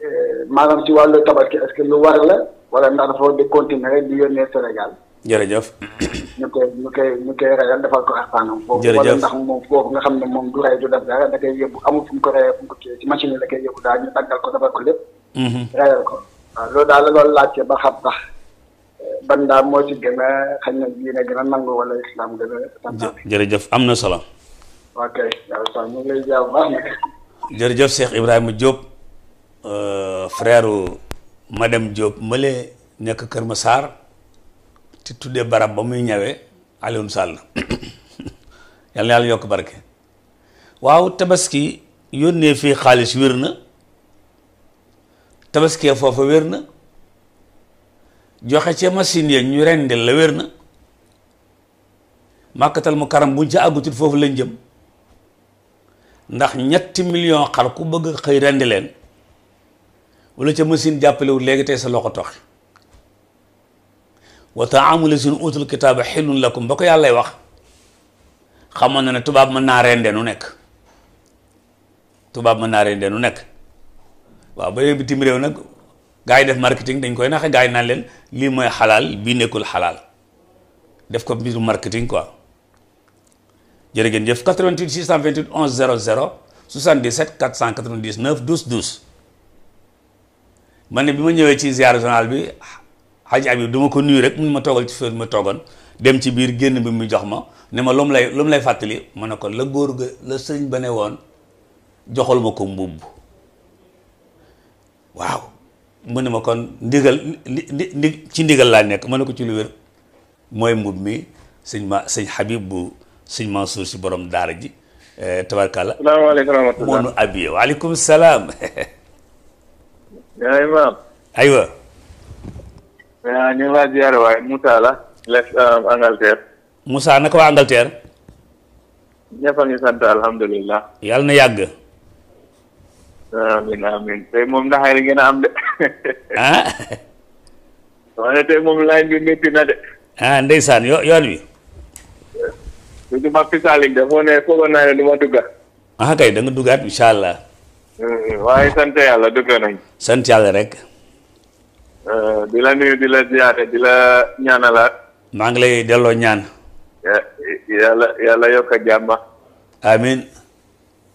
eh, maanaam ci wàllu tabaski est-ce lu war la wala ndax dafa war di continuer rek jërëjëf. ñu koy ñu koy ñu koy reyal defal ko afaanam. jërëjëf foofu ndax moom foofu nga xam ne moom du rey du def dara da koy yóbbu amul fu mu ko reyee fu mu ko kiiyee ci machine yi la koy yóbbu daal ñu daggal ko defal ko lépp. Mhm. reyal ko waaw loolu daal la loolu laajte ba xam sax ban moo ci gën a xëy na gën a nangu wala islam am na solo. ok yàlla ñu ngi lay jaar bu baax nag. jërëjëf Cheikh Ibrahima Diop euh, frère madame Diop mële nekk Kër Massar ci tuddee barab ba muy ñëwee Alioune Sall [COUGHS] yal na yàlla yokk barke. waaw tabaski yónnee fii xaalis wér na tabaskee foofa wér na. joxe ca machine ya ñu rendel la wér na màkkatal mu karam buñ ca àggutul foofu lañ jëm ndax ñetti million xar ku bëgg xëy rendi leen wala ca machine jàppalewul léegi tey sa loxo tox wa taamu lazina utul kitaaba xillun lakum ba ko yàllay wax xamoon na ne tubaab mën naa rende nu nekk tubaab mën naa rende nu nekk gaa yi def marketing dañ koy naxe gaa yi naan leen lii mooy xalaal bii nekkul xalaal def ko mbiru marketing quoi jërë ngeen jëf 88 628 11 00 77 499 12 12 man ne bi ma ñëwee ci ziar journal bi xaj Habib duma ko nuyu rek mun ma toogal ci fër ma toogoon dem ci biir génn bi mu jox ma ne ma lu mu lay lu lay fàttali ma ne ko la góor ga la sëñ ba ne woon joxal ma ko mbubb waaw mu ne ma kon ndigal li li ci ndigal laa nekk mën ne ko ci lu wér mooy mbub mi sëñ ma sëñ Habib bu sëñ Mansour si borom daara ji eh, tabarkàlla. salaamaaleykum wa rahmatulah moo nu salaam. yaa imaam. aywa. ñu laa ziyaare waaye Moussa la. les euh, Angleterre. Moussa naka waa Angleterre. ñëpp a ngi sant alhamdulilah. yàlla na yàgg. amiin amiin tey moom ndax yi ngeen a am de. ah. waaye tey moom laaj bi métti na de. ah ndeysaan yo yoon wi. surtout ma Fisaalig de ne foogoon naa ne du dugga. ah kay da duggaat incha allah. Mm-hmm. waaye sant yàlla dugg nañ. sant yàlla rek. Uh, di la nuyu di la ziyaare di la ñaanalaat. maa ngi lay delloo ñaan. yàlla yàlla yokk a jàmm.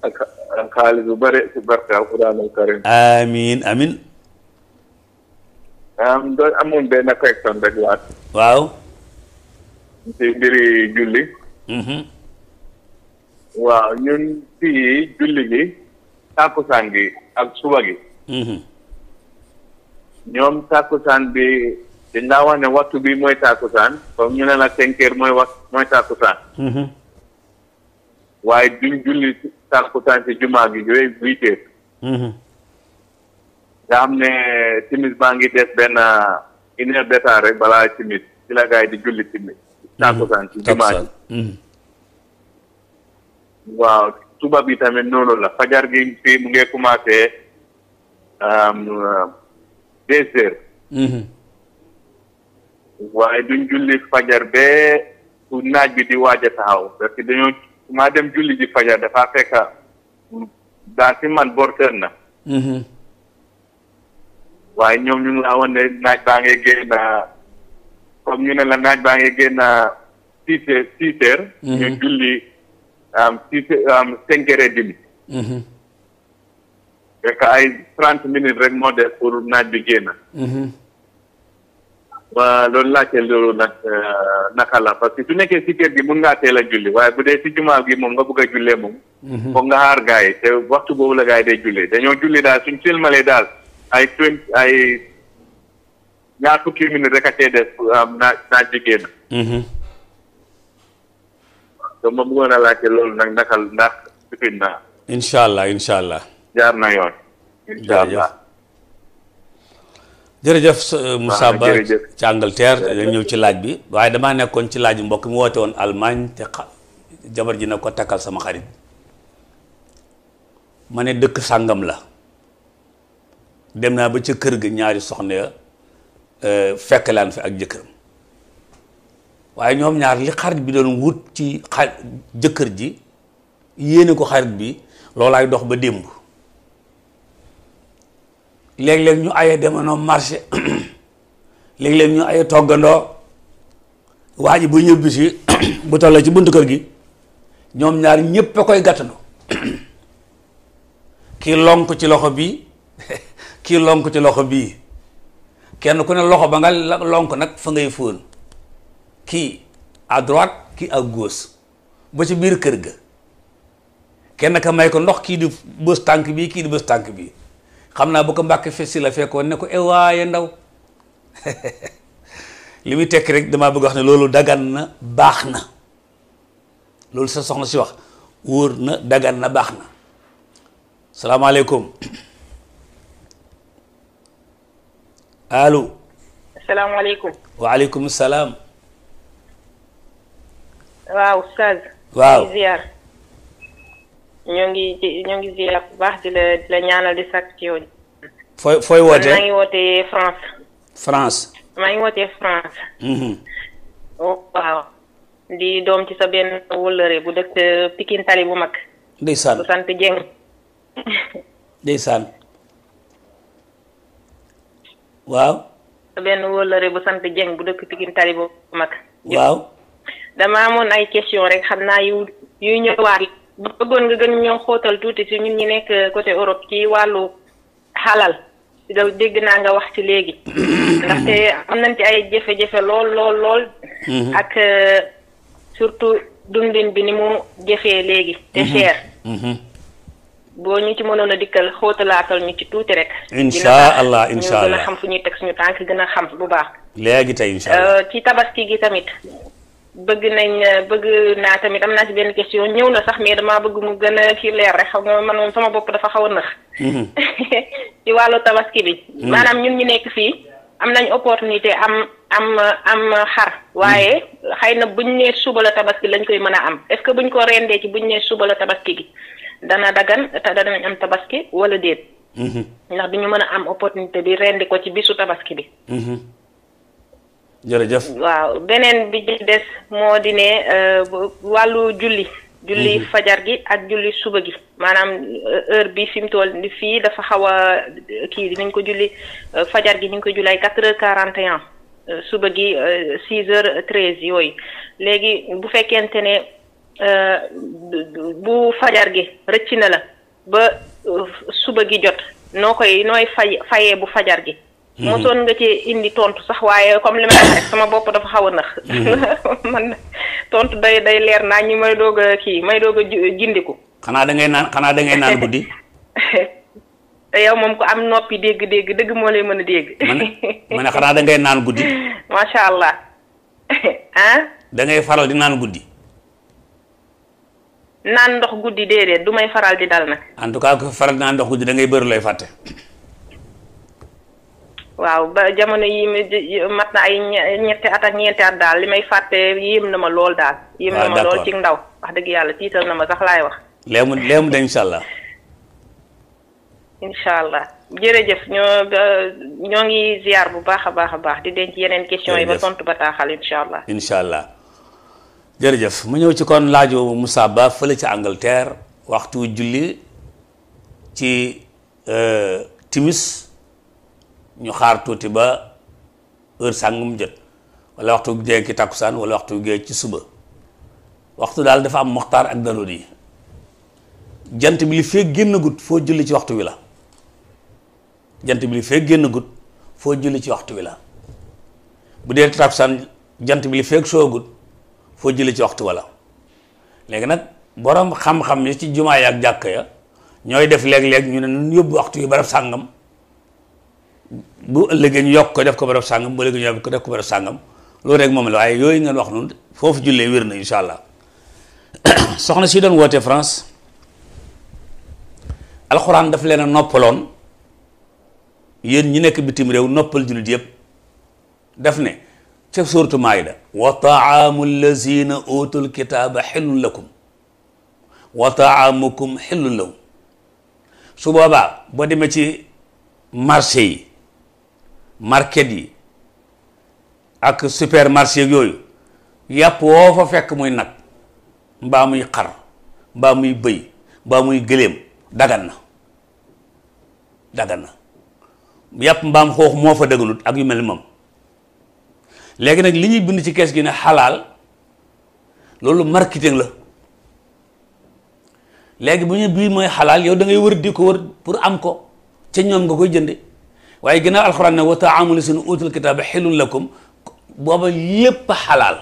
ak ak xaalis bu bëri si barke alquranul karim amiin amiin. doon amoon benn question rek waat. waaw. si mbiri julli. Mm-hmm. waaw ñun fii julli gi tàkkusaan gi ak suba gi. Mm-hmm. ñoom tàkkusaan bi dañ daa wax ne waxtu bi mooy tàkkusaan comme ñu ne la cinq mooy wax mooy tàkkusaan mm-hmm. waaye duñ julli tàkkusaan ci jumaa gi yooyu huit heures mhm. ne timis baa ngi des benn une heure de temps rek balaa timis ci di julli timis tàkkusaan mhm. ci jumaa gi mhm. waaw suba bi tamit noonu la fajar gi fii mu ngi commencé deux heures waaye duñ julli fajar bee su naaj bi di waaj a taxaw parce que dañoo maa dem julli ji fajar dafa fekk daa si man borteel na. Mhm. waaye ñoom ñu ngi laa wan ne naaj baa ngay génn ñu ne la naaj baa ngay génn six heures six heures. Mhm. ñu julli six cinq heures et demi. Mhm. ay trente minutes rek moo des pour naaj bi génn. ma doon laajte loolu nag euh, naka la parce que su nekkee si kër gi mun ngaa teel a julli waaye bu dee si jumaa gi moom nga bëgg a jullee moom. Mhm. foog nga xaar gars te waxtu boobu la gars yi day jullee dañoo julli daal suñ silmalee daal ay twenty ay ñaar fukki minute rek a des naa naa jigéen. Mhm. donc ma bëggoon a laajte loolu nag naka ndax sukkandiku naa. incha allah incha allah. jaar na jërëjëf ah, Moussa Ba ci Angleterre dañ ñëw ci laaj bi waaye damaa nekkoon ci laaj mbokk mu woote woon Allemagne te jabar ji na ko takkal sama xarit ma ne dëkk sàngam la dem naa ba ca kër gi ñaari soxna ya e, fekk laan fi ak jëkkëram waaye ñoom ñaar li xarit bi doon wut ci jëkkër ji yéene ko xarit bi loolu loolaay dox ba démb léeg-léeg ñu aye demanoo marché [CLEARS THROAT] léeg-léeg ñu aye toggandoo waa bu ñëbbi [CLEARS THROAT] bu tolloo ci buntu kër gi ñoom ñaar ñépp a koy gàttandoo [CLEARS THROAT] kii lonk ci loxo bii [LAUGHS] kii lonk ci loxo bii kenn ku ne loxo ba nga lonk nag fa ngay fóon kii à droite kii à gauche ba ci biir kër gi kenn ka may ko ndox kii di bës tànk bii kii di bës tànk bii xam naa bu ko mbàkke fesi la fekkoon ne ko ewaaye eh ndaw [LAUGHS] li muy tekki rek damaa bëgg wax ne loolu dagan na baax na loolu sa soxna si wax wóor na dagan na baax na salaamaaleykum [CLEARS THROAT] allo salaamaaleykum waaleykum salaam waaw ustaz waaw ziar ñoo ngi ñoo ngi ziar bu baax di la di la ñaanal di sakk ci yow. fooy fooy wootee maa ngi wootee France. France. maa ngi wootee France. Mm-hmm. Oh, waaw. di doom ci sa benn wëllëre bu dëkk Pikine Tali bu mag. ndeysaan bu sant Dieng. ndeysaan. waaw. sa benn wëllëre bu sant Dieng bu dëkk Pikine bu mag. waaw. dama amoon ay question rek xam naa yu yu ñëwaat. bëggoon nga gën ñoo xóotal tuuti ci ñun ñi nekk côté Europe ci wàllu xalal da dégg naa nga wax ci léegi. [COUGHS] ndaxte am nañ ci ay jafe-jafe lool lool lool. Mm-hmm. ak euh, surtout dundin bi ni mu jafee léegi. te mm-hmm. cher. Mm-hmm. boo ñu ci mënoon a dikkal xootalaatal ñu ci tuuti rek. incha allah incha allah gën a xam fu ñuy teg suñu tànk gën a xam bu baax. léegi tey incha allah euh, ci tabaski gi tamit. bëgg nañ bëgg naa tamit am naa ci benn question ñëw na sax mais damaa bëgg mu gën a kii leer rek xam nga man moom sama bopp dafa xaw a nëx. Mhm. [LAUGHS] ci wàllu tabaski bi. Mhm. maanaam ñun ñu nekk fii am nañu opportunité am am am xar. waaye mhm. xëy na buñ nee suba la tabaski lañ koy mën a am est-ce que buñ ko rendee ci buñ nee suba la gi dana daggan te danañ am tabaski wala déet. ndax duñu mën a am opportunité bi rendi ko ci bisu tabaski bi. jërëjëf waaw beneen bi ci des moo di ne euh, wàllu julli. julli mhm. fajar gi ak julli suba gi maanaam euh, heure bi fi mu toll fii dafa xaw a euh, kii dinañ ko julli fajar gi ñu ngi ko julli ay quatre heures quarante et suba gi six heures treize yooyu léegi bu fekkente ne bu fajar gi rëcc na la ba suba gi jot noo koy nooy fay faye bu fajar gi. mosoon hmm. nga cee indi tontu sax waaye comme li ma ak sama bopp dafa xaw a nax. Hmm. [LAUGHS] day day leer naa ñu may doog may doog a gindiku. xanaa da ngay naan xanaa da naan guddi. te [LAUGHS] yow moom ko am noppi dégg-dégg dëgg moo lay mën a dégg. ma ne xanaa [LAUGHS] da ngay naan guddi. macha allah ah. dangay ngay faral di naan guddi. naan ndox guddi déedéet du may faral di dal nag. en tout cas ku faral di naan ndox guddi da ngay bëri lay fàtte. waaw ba jamono yi mat na ay ñetti at ak ñeenti at daal li may fàtte yéem na ma lool daal. Ah, yéem na ma lool ci ndaw wax dëgg yàlla tiital na ma sax laay wax. léemu léemu dañu incha allah. allah jërëjëf ñoo ngi ziar bu baax a baax a baax di denc yeneen question yi ba tontu bataaxal incha allah. incha allah jërëjëf mu ñëw ci kon laaju Moussa Ba fële ci Angleterre waxtu julli ci euh, timis. ñu xaar tuuti ba heure sàngum jot wala waxtu gee ki takkusaan wala waxtu gee ci suba waxtu daal dafa am moxtaar ak daruri yi jant bi li fee génn gut foo julli ci waxtu wi la jant bi li fee foo julli ci waxtu wi la bu dee takkusaan jant bi li soo soogut foo julli ci waxtu wala léegi nag boroom xam-xam yi ci jumaa yi ak jàkk ya ñooy def léeg-léeg ñu ne nun yóbbu waxtu yu barab sàngam bu ëllëgee ñu yokk ko def ko barab sàngam bu ëllëgee ñu yokk ko def ko barab sàngam loolu rek moom la waaye yooyu ngeen wax noonu foofu jullee wér na incha allah [COUGHS] soxna si doon woote France alxuraan daf leen a noppaloon yéen ñi nekk bitim réew noppal jullit yëpp daf ne ca suuratu Maayda wa taamu lazina utul kitaaba xillun lakum wa taamukum xillun lahum su boobaa boo demee ci marché yi market yi ak supermarché yooyu yàpp woo fa fekk muy nag mbaa muy xar mbaa muy bëy mbaa muy gëléem dagan na yàpp mbaam xoox moo fa dëgganut ak yu mel ni moom léegi nag li ñuy bind ci kees gi ne xalaal loolu marketing la léegi bu ñu bii mooy xalaal yow dangay ngay wër di ko wër pour am ko ca ñoom nga koy jënde waaye ginnaaw alxuraan ne wa taamul seen utul kitaaba xilul lakum booba lépp a xalaal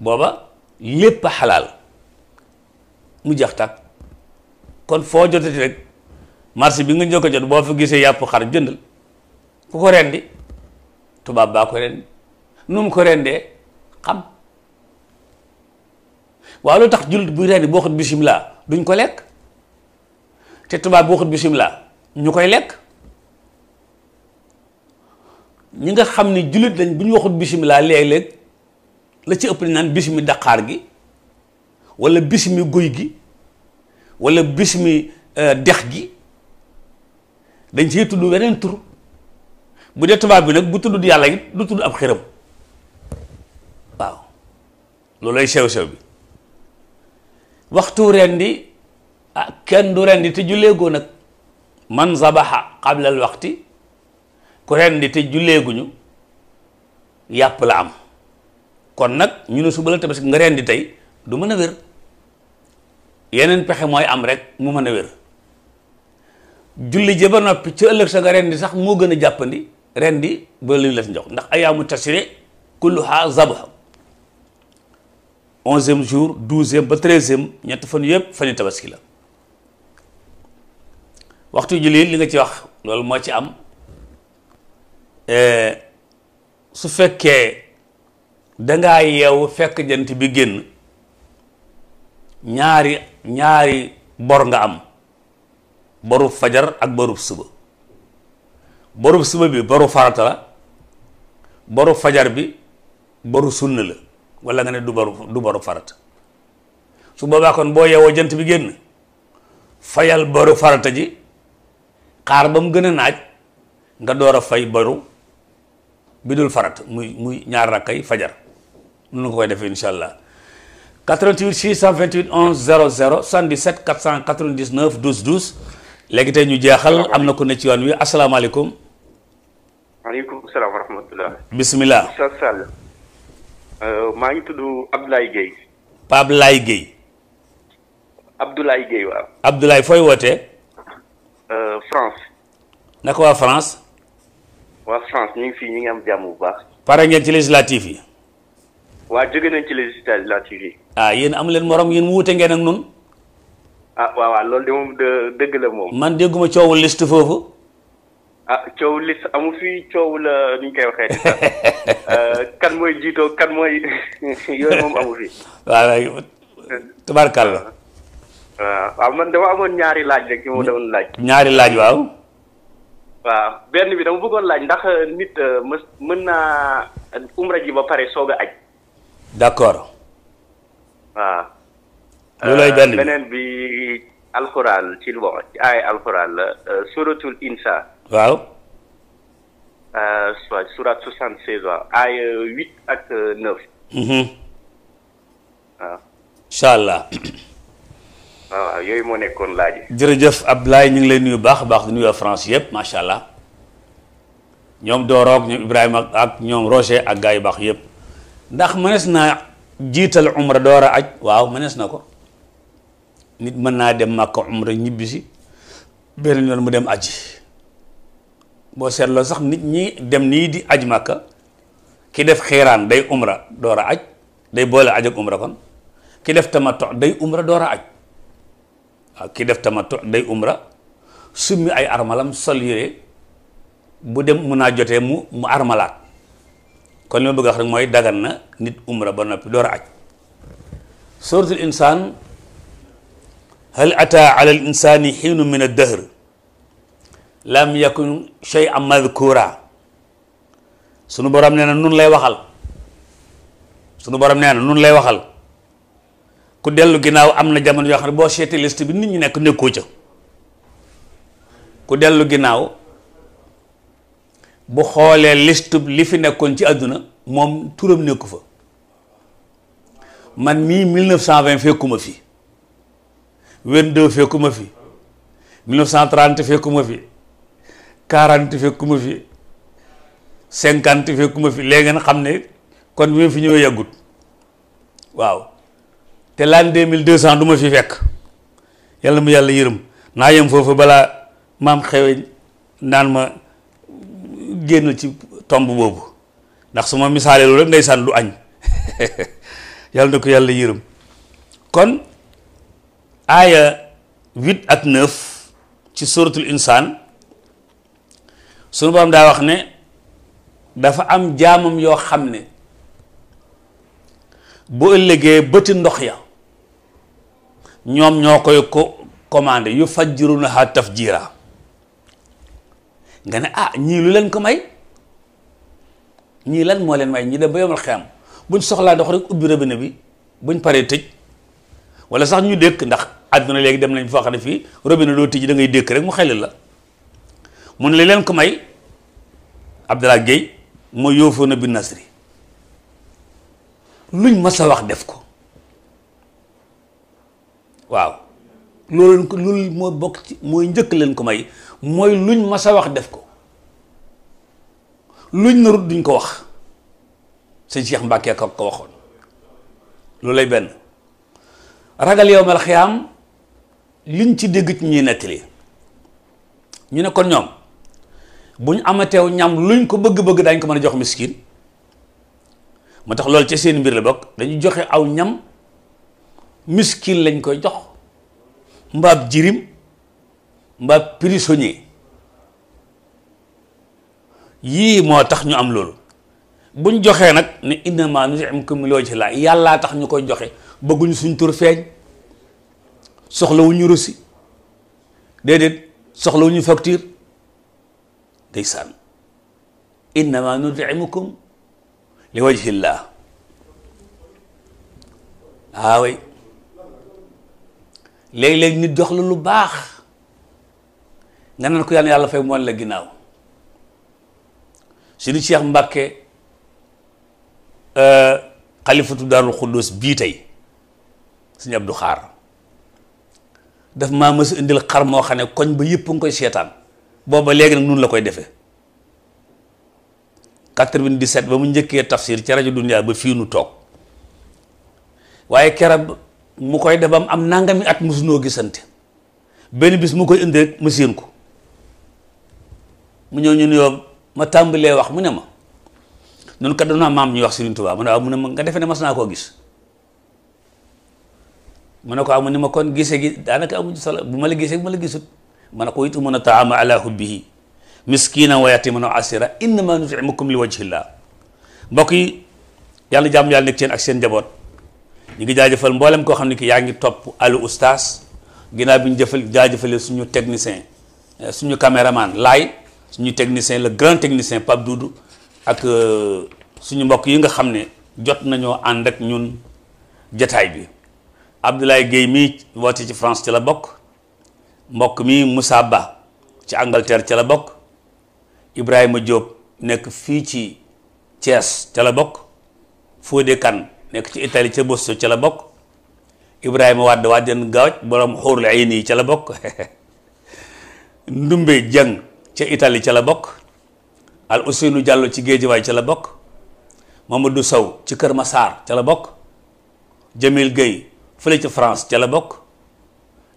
booba lépp a mu jeex tàkk kon foo jotati rek marché bi nga njëkk a jot boo fa gisee yàpp xar jëndal ku ko rendi tubaab baa ko rendi nu mu ko rendee xam waaw lu tax jullit bu rendi boo xut bisimilah duñ ko lekk te tubaab boo xut bisimilah ñu koy lekk ñu nga xam ni jullit lañ bu ñu waxut bisimilah léeg-léeg la ci ëpp ni naan bisimi daqaar gi walla bisimi guy gi walla bisimi euh, dex gi dañ ciy tudd weneen tur bu dee tubaab bi nag bu tudd yàlla it du tudd ab xiram waaw loolu ay sew-sew bi waxtu rendi ah kenn du rendi te julleegoo nag man zabaxa qablal waxti ku rendi te julleeguñu yàpp la am kon nag ñu ne su la tabaski nga rendi tey du mën a wér yeneen pexe mooy am rek mu mën a wér julli ja ba noppi ci ëllëg sa nga rendi sax moo gën a jàppandi rendi ba li la njox ndax ayaamu tasire kulluha zabaxa onzième jour douzième ba treizième ñett fan yëpp fani tabaski la waxtu julli li nga ci wax loolu moo ci am eh, su fekkee dangaa yeewu fekk jënt bi génn ñaari ñaari bor nga am boru fajar ak borub suba borub suba bi boru farata la boru fajar bi boru sunna la wala nga ne du boru du boru farata su boobaa kon boo yeewoo jant bi génn fayal boru farata ji xaar ba mu gën naaj nga door a fay boru bi dul farat muy muy ñaar ay fajar nu nga koy defee incha allah 88 628 11 00 77 499 12 12 léegi tey ñu jeexal am na ko ne ci yoon wi asalaamaaleykum. maaleykum salaam wa rahmatulah. bisimilah. Oustaz Sall. Euh, maa ngi tudd Abdoulaye Guèye. Pape Laye Guèye. Abdoulaye Guèye waaw. Abdoulaye fooy wootee. Euh, France. naka waa France. waa France ñu ngi fii ñu ngi am jàmm bu baax. pare ngeen ci législative yi. waa jóge nañ ci législative yi. ah yéen amu leen morom yéen wuute ngeen ak nun ah waaw loolu de moom dëgg la moom. man dégguma coowul list foofu. ah coow list amu fi coow la euh, ni ñu koy waxee [LAUGHS] euh, kan mooy jiitoo kan mooy [LAUGHS] yooyu moom amu fi. waaw tubaarkàlla waaw man dama amoon ñaari laaj rek yu ma doon laaj. ñaari laaj waaw. waaw benn bi dama bëggoon laaj ndax euh, nit euh, mës mën naa euh, umra ji ba pare soog a aj. d'accord. waaw. loolooy benn bi beneen bi alxuraan ci lu bokk ay alxuraan la suratul insa. surat soixante seize waaw ay huit ak neuf. Mhm. waaw. incha waaw yooyu moo nekkoon laaj yi. jërëjëf Abdoulaye ñu ngi lay nuyu baax a baax di nuyu waa France yëpp macha allah ñoom Doro ñoom Ibrahima ak ñoom Roger ak gaa yu baax yëpp ndax mënees naa jiital umra door a aj waaw mënees na ko nit mën naa dem Makka umra ñibbi si beneen mu dem aji boo seetloo sax nit ñi dem nii di aj Makka ki def xiiraan day umra door a aj day boole aj ak umra kon ki def tamato day umra door a aj. ki def tamattu day umra summi ay armalam sol yére bu dem mun naa jotee mu mu armalaat kon li ma bëgg a wax rek mooy dagan na nit umra ba noppi door a aj suratul insaan hal ata ala al insani xiinu min ad-dahr lam yakun shay'an madhkura sunu borom nee na nun lay waxal sunu borom nee na nun lay waxal ku dellu ginnaaw am na jamono yoo xam ne boo seetee liste bi nit ñi nekk nekkoo ca ku dellu ginnaaw bu xoolee liste li fi nekkoon ci àdduna moom turam nekku fa man mii 1920 fekkuma fi 22 fekkuma fi 1930 fekkuma fi 40 fekkuma fi 50 fekkuma fi léegi ngeen xam ne kon bi ma fi ñëwee yàggut waaw te l'an deux mille deux cent duma ma fi fekk yàlla mu yàlla yërëm naa yem foofu balaa maam xewe naan ma génn ci tomb boobu ndax su ma misaalee loolu rek ndeysaan du añ yàlla [LAUGHS] na ko yàlla yërëm kon aaya huit ak neuf ci suratul insaan sunu borom daa wax ne dafa am jaamam yoo xam ne boo ëllëgee bëti ndox ya ñoom ñoo koy ko commandé na fajjirunaha jiiraa nga ne ah ñii lu leen ko may ñii lan moo leen may ñii dem ba yomal xiyam buñ soxlaa ndox rek ubbi robinet bi buñ paree tëj wala sax ñu dëkk ndax àdduna léegi dem nañ foo xam ne fii robinet doo tëj da ngay dékk rek mu xelal la mun li leen ko may Abdallah Gueye moo yóofoon na bi nasri luñ mas a wax def ko waaw loolu ko loolu bokk ci mooy njëkk leen ko may mooy luñ mas a wax def ko luñ narut duñ ko wax sëñ Cheikh Mbacke ko ko waxoon loolu lay benn ragal yow mel xiyaam liñ ci dégg ci ñuy nettali ñu ne kon ñoom buñ amateew ñam luñ ko bëgg-bëgg dañ ko mën a jox miskin moo tax loolu ci seen mbir la bokk dañu joxe aw ñam miskin lañ koy jox mbaab jirim mbaab prisonnier yii moo tax ñu am loolu buñ joxee nag ne innama nut'imukum liwajhi llah yàllaa tax ñu koy joxe bëgguñu suñ tur feeñ soxlawuñu rosi déedéet soxlawuñu facture day sànn innama nut'imukum liwajhi llah waaw léegi léeg nit jox la lu baax nga naan ko yàlla yàlla fay moon la ginnaaw Sëriñ Cheikh Mbàkke euh, xalifatu Daarul Xuddus bii tey Sëriñ du Xaar daf maa mës indil xar moo xam ne koñ ba yëpp nga koy seetaan booba léegi nag nun la koy defee 97 ba mu njëkkee tafsir ci rajo Dunia ba fii nu toog waaye keroog mu koy defam am nangami at mosunoo gisante benn bis mu koy indi rek ma ko mu ñëw ñu nuyoo ma tàmbalee wax mu ne ma noonu kat dañoo maam ñuy wax Serigne Touba mu ne waaw mu ne ma ne mas naa koo gis ne ko amu ne ma kon gise gi daanaka amuñu solo bu ma la gisee bu ma la gisut ma ne ko itu mun a taama ala hubbihi miskina wa yatiman wa asira innama nutimukum li wajhillah mbokk yi yàlla jàmm yàlla nekk seen ak seen njaboot ñu ngi jaajëfal mboolem koo xam ne ki yaa ngi topp Alou Oustaz ginnaaw bi ñu jëfal jaajëfalee suñu technicien eh, suñu caméraman laay suñu technicien le grand technicien Pape Doudou ak euh, suñu mbokk yi nga xam ne jot nañoo ànd ak ñun jataay bi Abdoulaye Guèye mii woote ci France ci la bokk mbokk mi Moussa Ba ci Angleterre ca la bokk Ibrahima Diop nekk fii ci Thiès ca la bokk Fodé Kane nekk ci itali ca Boston ca la bokk Ibrahima Wade Wade Gaawaj borom xóorlu ay nii ca la bokk [LAUGHS] Ndumbe Jang ca Italie ca la bokk Al Ousseynou jàll ci waaye ca la bokk Mamadou Sow ci Kër Massar ca la bokk Jamil Gueye fële ca France ca la bokk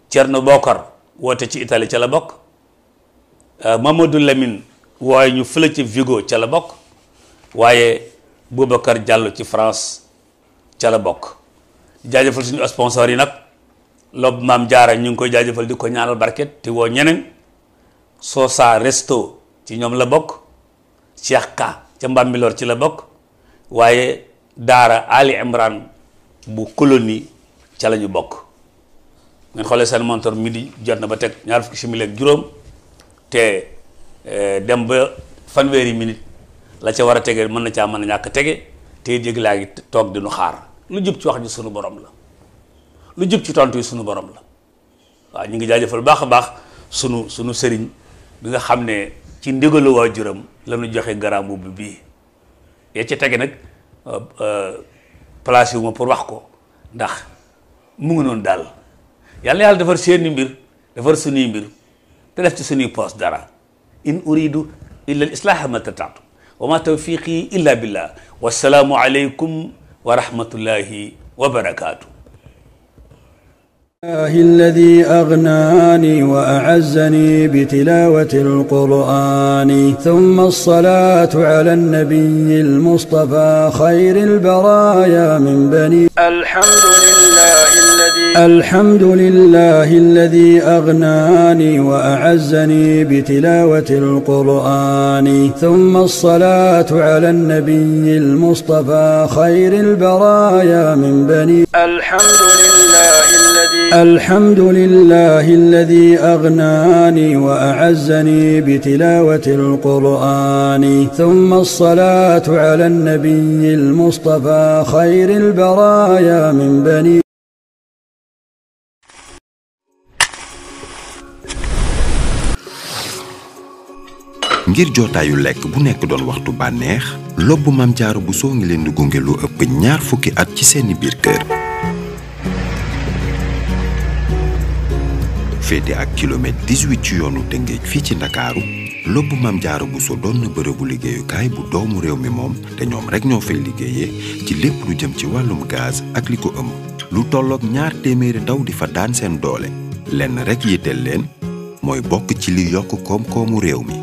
Thierno Bokar woote ci itali ca la bokk euh, Mamadou Lamine waaye ñu fële ca Vigo ca la bokk waaye Boubacar jàll ci France ca la bokk jaajëfal suñu sponsor yi nag lob maam jaara ñu ngi koy jaajëfal di ko ñaanal barket te woo ñeneen Sosa resto ci ñoom la bokk Cheikh Ka ca Mbambilor ci la bokk waaye daara Ali Imran bu colonie ca la ñu bokk ngeen xoolee seen montor midi jot na ba teg ñaar fukki simili ak juróom te eh, dem ba fanweeri minute la ca war a tege mën na ca mën a ñàkk tege te yëg laa ngi toog di xaar lu jub ci wax ji sunu borom la lu jub ci tontu yi sunu borom la waaw ñu ngi jaajëfal baax a baax sunu sunu sëriñ bi nga xam ne ci ndigalu waajuram la ñu joxe garaam bu bii ya ci tege nag euh, euh, place yu ma pour wax ko ndax mu ngi noonu daal yàlla yàlla defar seeni mbir defar sunuy mbir te def ci sunuy poos dara in uridu illa al islaaha ma tataatu wa ma tawfiqi illa billah wassalaamu aleykum wa rahmatullahi wa barakaatu. الذي أغناني وأعزني بتلاوة القرآن ثم الصلاة على النبي المصطفى خير البرايا من بني الحمد لله الحمد لله الذي أغناني وأعزني بتلاوة القرآن ثم الصلاة على النبي المصطفى خير البرايا من بني الحمد لله الذي الحمد لله الذي أغناني وأعزني بتلاوة القرآن ثم الصلاة على النبي المصطفى خير البرايا من بني ngir jotaayu lekk bu nekk doon waxtu bànneex lobbu Mame bu Bousso ngi leen di gunge lu ëpp ñaar fukki at ci seeni biir kër. féete ak kilomètre 18 ci yoonu Tëngéej fii ci Ndakaaru lobbu Mame jaaro Bousso doon na bërëbu liggéeyukaay bu doomu réew mi moom te ñoom rek ñoo fay liggéeyee ci lépp lu jëm ci wàllum gaz ak li ko ëmb lu tolloog ñaar téeméeri ndaw di fa daan seen doole lenn rek yitteel leen mooy bokk ci li yokk koom-koomu réew mi.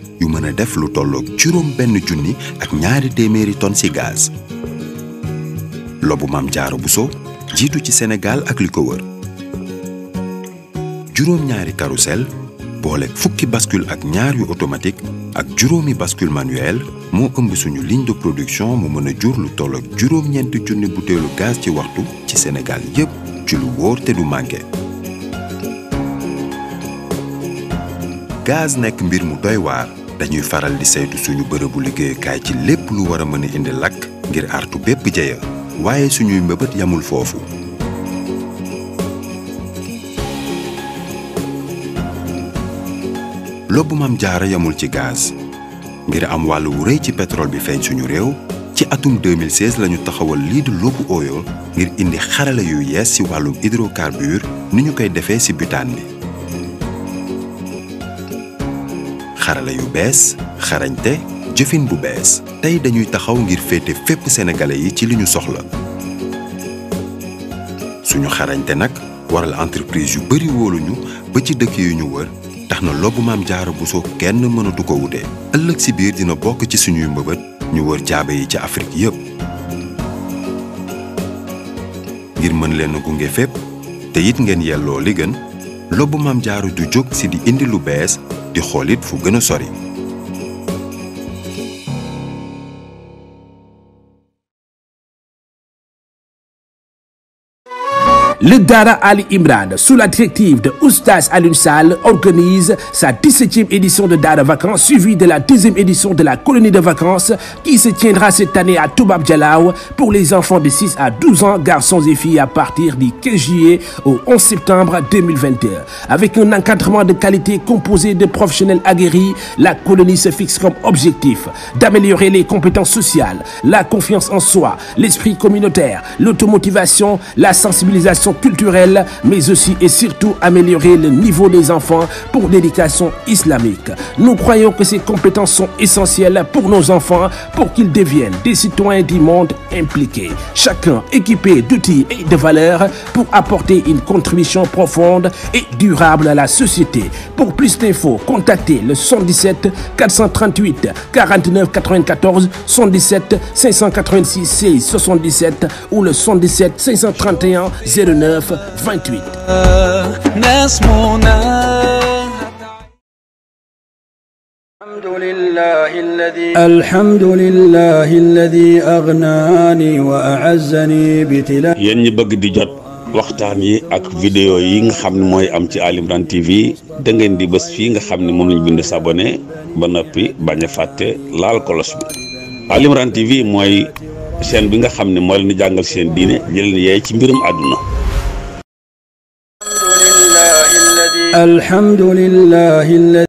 yu mën a def lu tolloog juróom benn junni ak ñaari téeméeri tonnes ci gaz. mam maam bu buso jiitu ci senegal ak li ko wër juróom ñaari carrousel boole fukki bascule ak ñaar yu automatique ak juróomi bascule manuel moo ëmb suñu ligne de production mu mën a jur lu tollook ak juróom-ñeenti junni butéelu gaz ci waxtu ci senegal yépp ci lu wóor te du manqué. gaz nekk mbir mu doy waar. dañuy faral di saytu suñu bërëbu liggéeyukaay ci lépp lu war a mën a indi lakk ngir artu bépp jeya waaye suñuy mbëbët yamul foofu lobbu maam jaara yamul ci gaz ngir am wàll wu rëy ci pétrole bi feeñ suñu réew ci atum 2016 lañu taxawal lii di lobbu ooyo ngir indi xarala yu yees ci wàllum hydrocarbure ni ñu koy defee si butaan bi xarala yu bees xarañte jëfin bu bees tey dañuy taxaw ngir féete fépp sénégalais yi ci li ñu soxla suñu xarañte nag waral entreprise yu bari wóoluñu ba ci dëkk yu ñu wër tax na lobbu maam jaara Bousso kenn mënatu ko wute ëllëg si biir dina bokk ci suñuy mbëbët ñu wër jaabe yi ci Afrique yépp ngir mën leen gunge fépp te it ngeen yelloo li gën lobbu maam jaaru du jóg si di indi lu bees di xool it fu gën a sori Le Dara Ali Imran, sous la directive de Oustaz Alioune Sall, organise sa 17e édition de Dara Vacances, suivie de la deuxième édition de la colonie de vacances qui se tiendra cette année à Toubab Dialaw pour les enfants de à 12 ans, garçons et filles à partir du 15 juillet au septembre Avec un encadrement de qualité composé de professionnels aguerris, la colonie se fixe comme objectif d'améliorer les compétences sociales, la confiance en soi, l'esprit communautaire, l'automotivation, la sensibilisation l'éducation culturelle, mais aussi et surtout améliorer le niveau des enfants pour l'éducation islamique. Nous croyons que ces compétences sont essentielles pour nos enfants pour qu'ils deviennent des citoyens du monde impliqués, chacun équipé d'outils et de valeurs pour apporter une contribution profonde et durable à la société. Pour plus d'infos, contactez le 77 438 49 94 77 586 6 77 ou le 77 531 09 9 28. yéen ñi bëgg di jot waxtaan yi ak vidéo yi nga xam ne mooy am ci Ali Imran TV da di bés fii nga xam ne moom lañ bind sabone ba noppi bañ a fàtte laal kolos bi Ali Imran TV mooy chaîne bi nga xam ne mooy leen di jàngal seen diine jëleen yee ci mbirum àdduna الحمد لله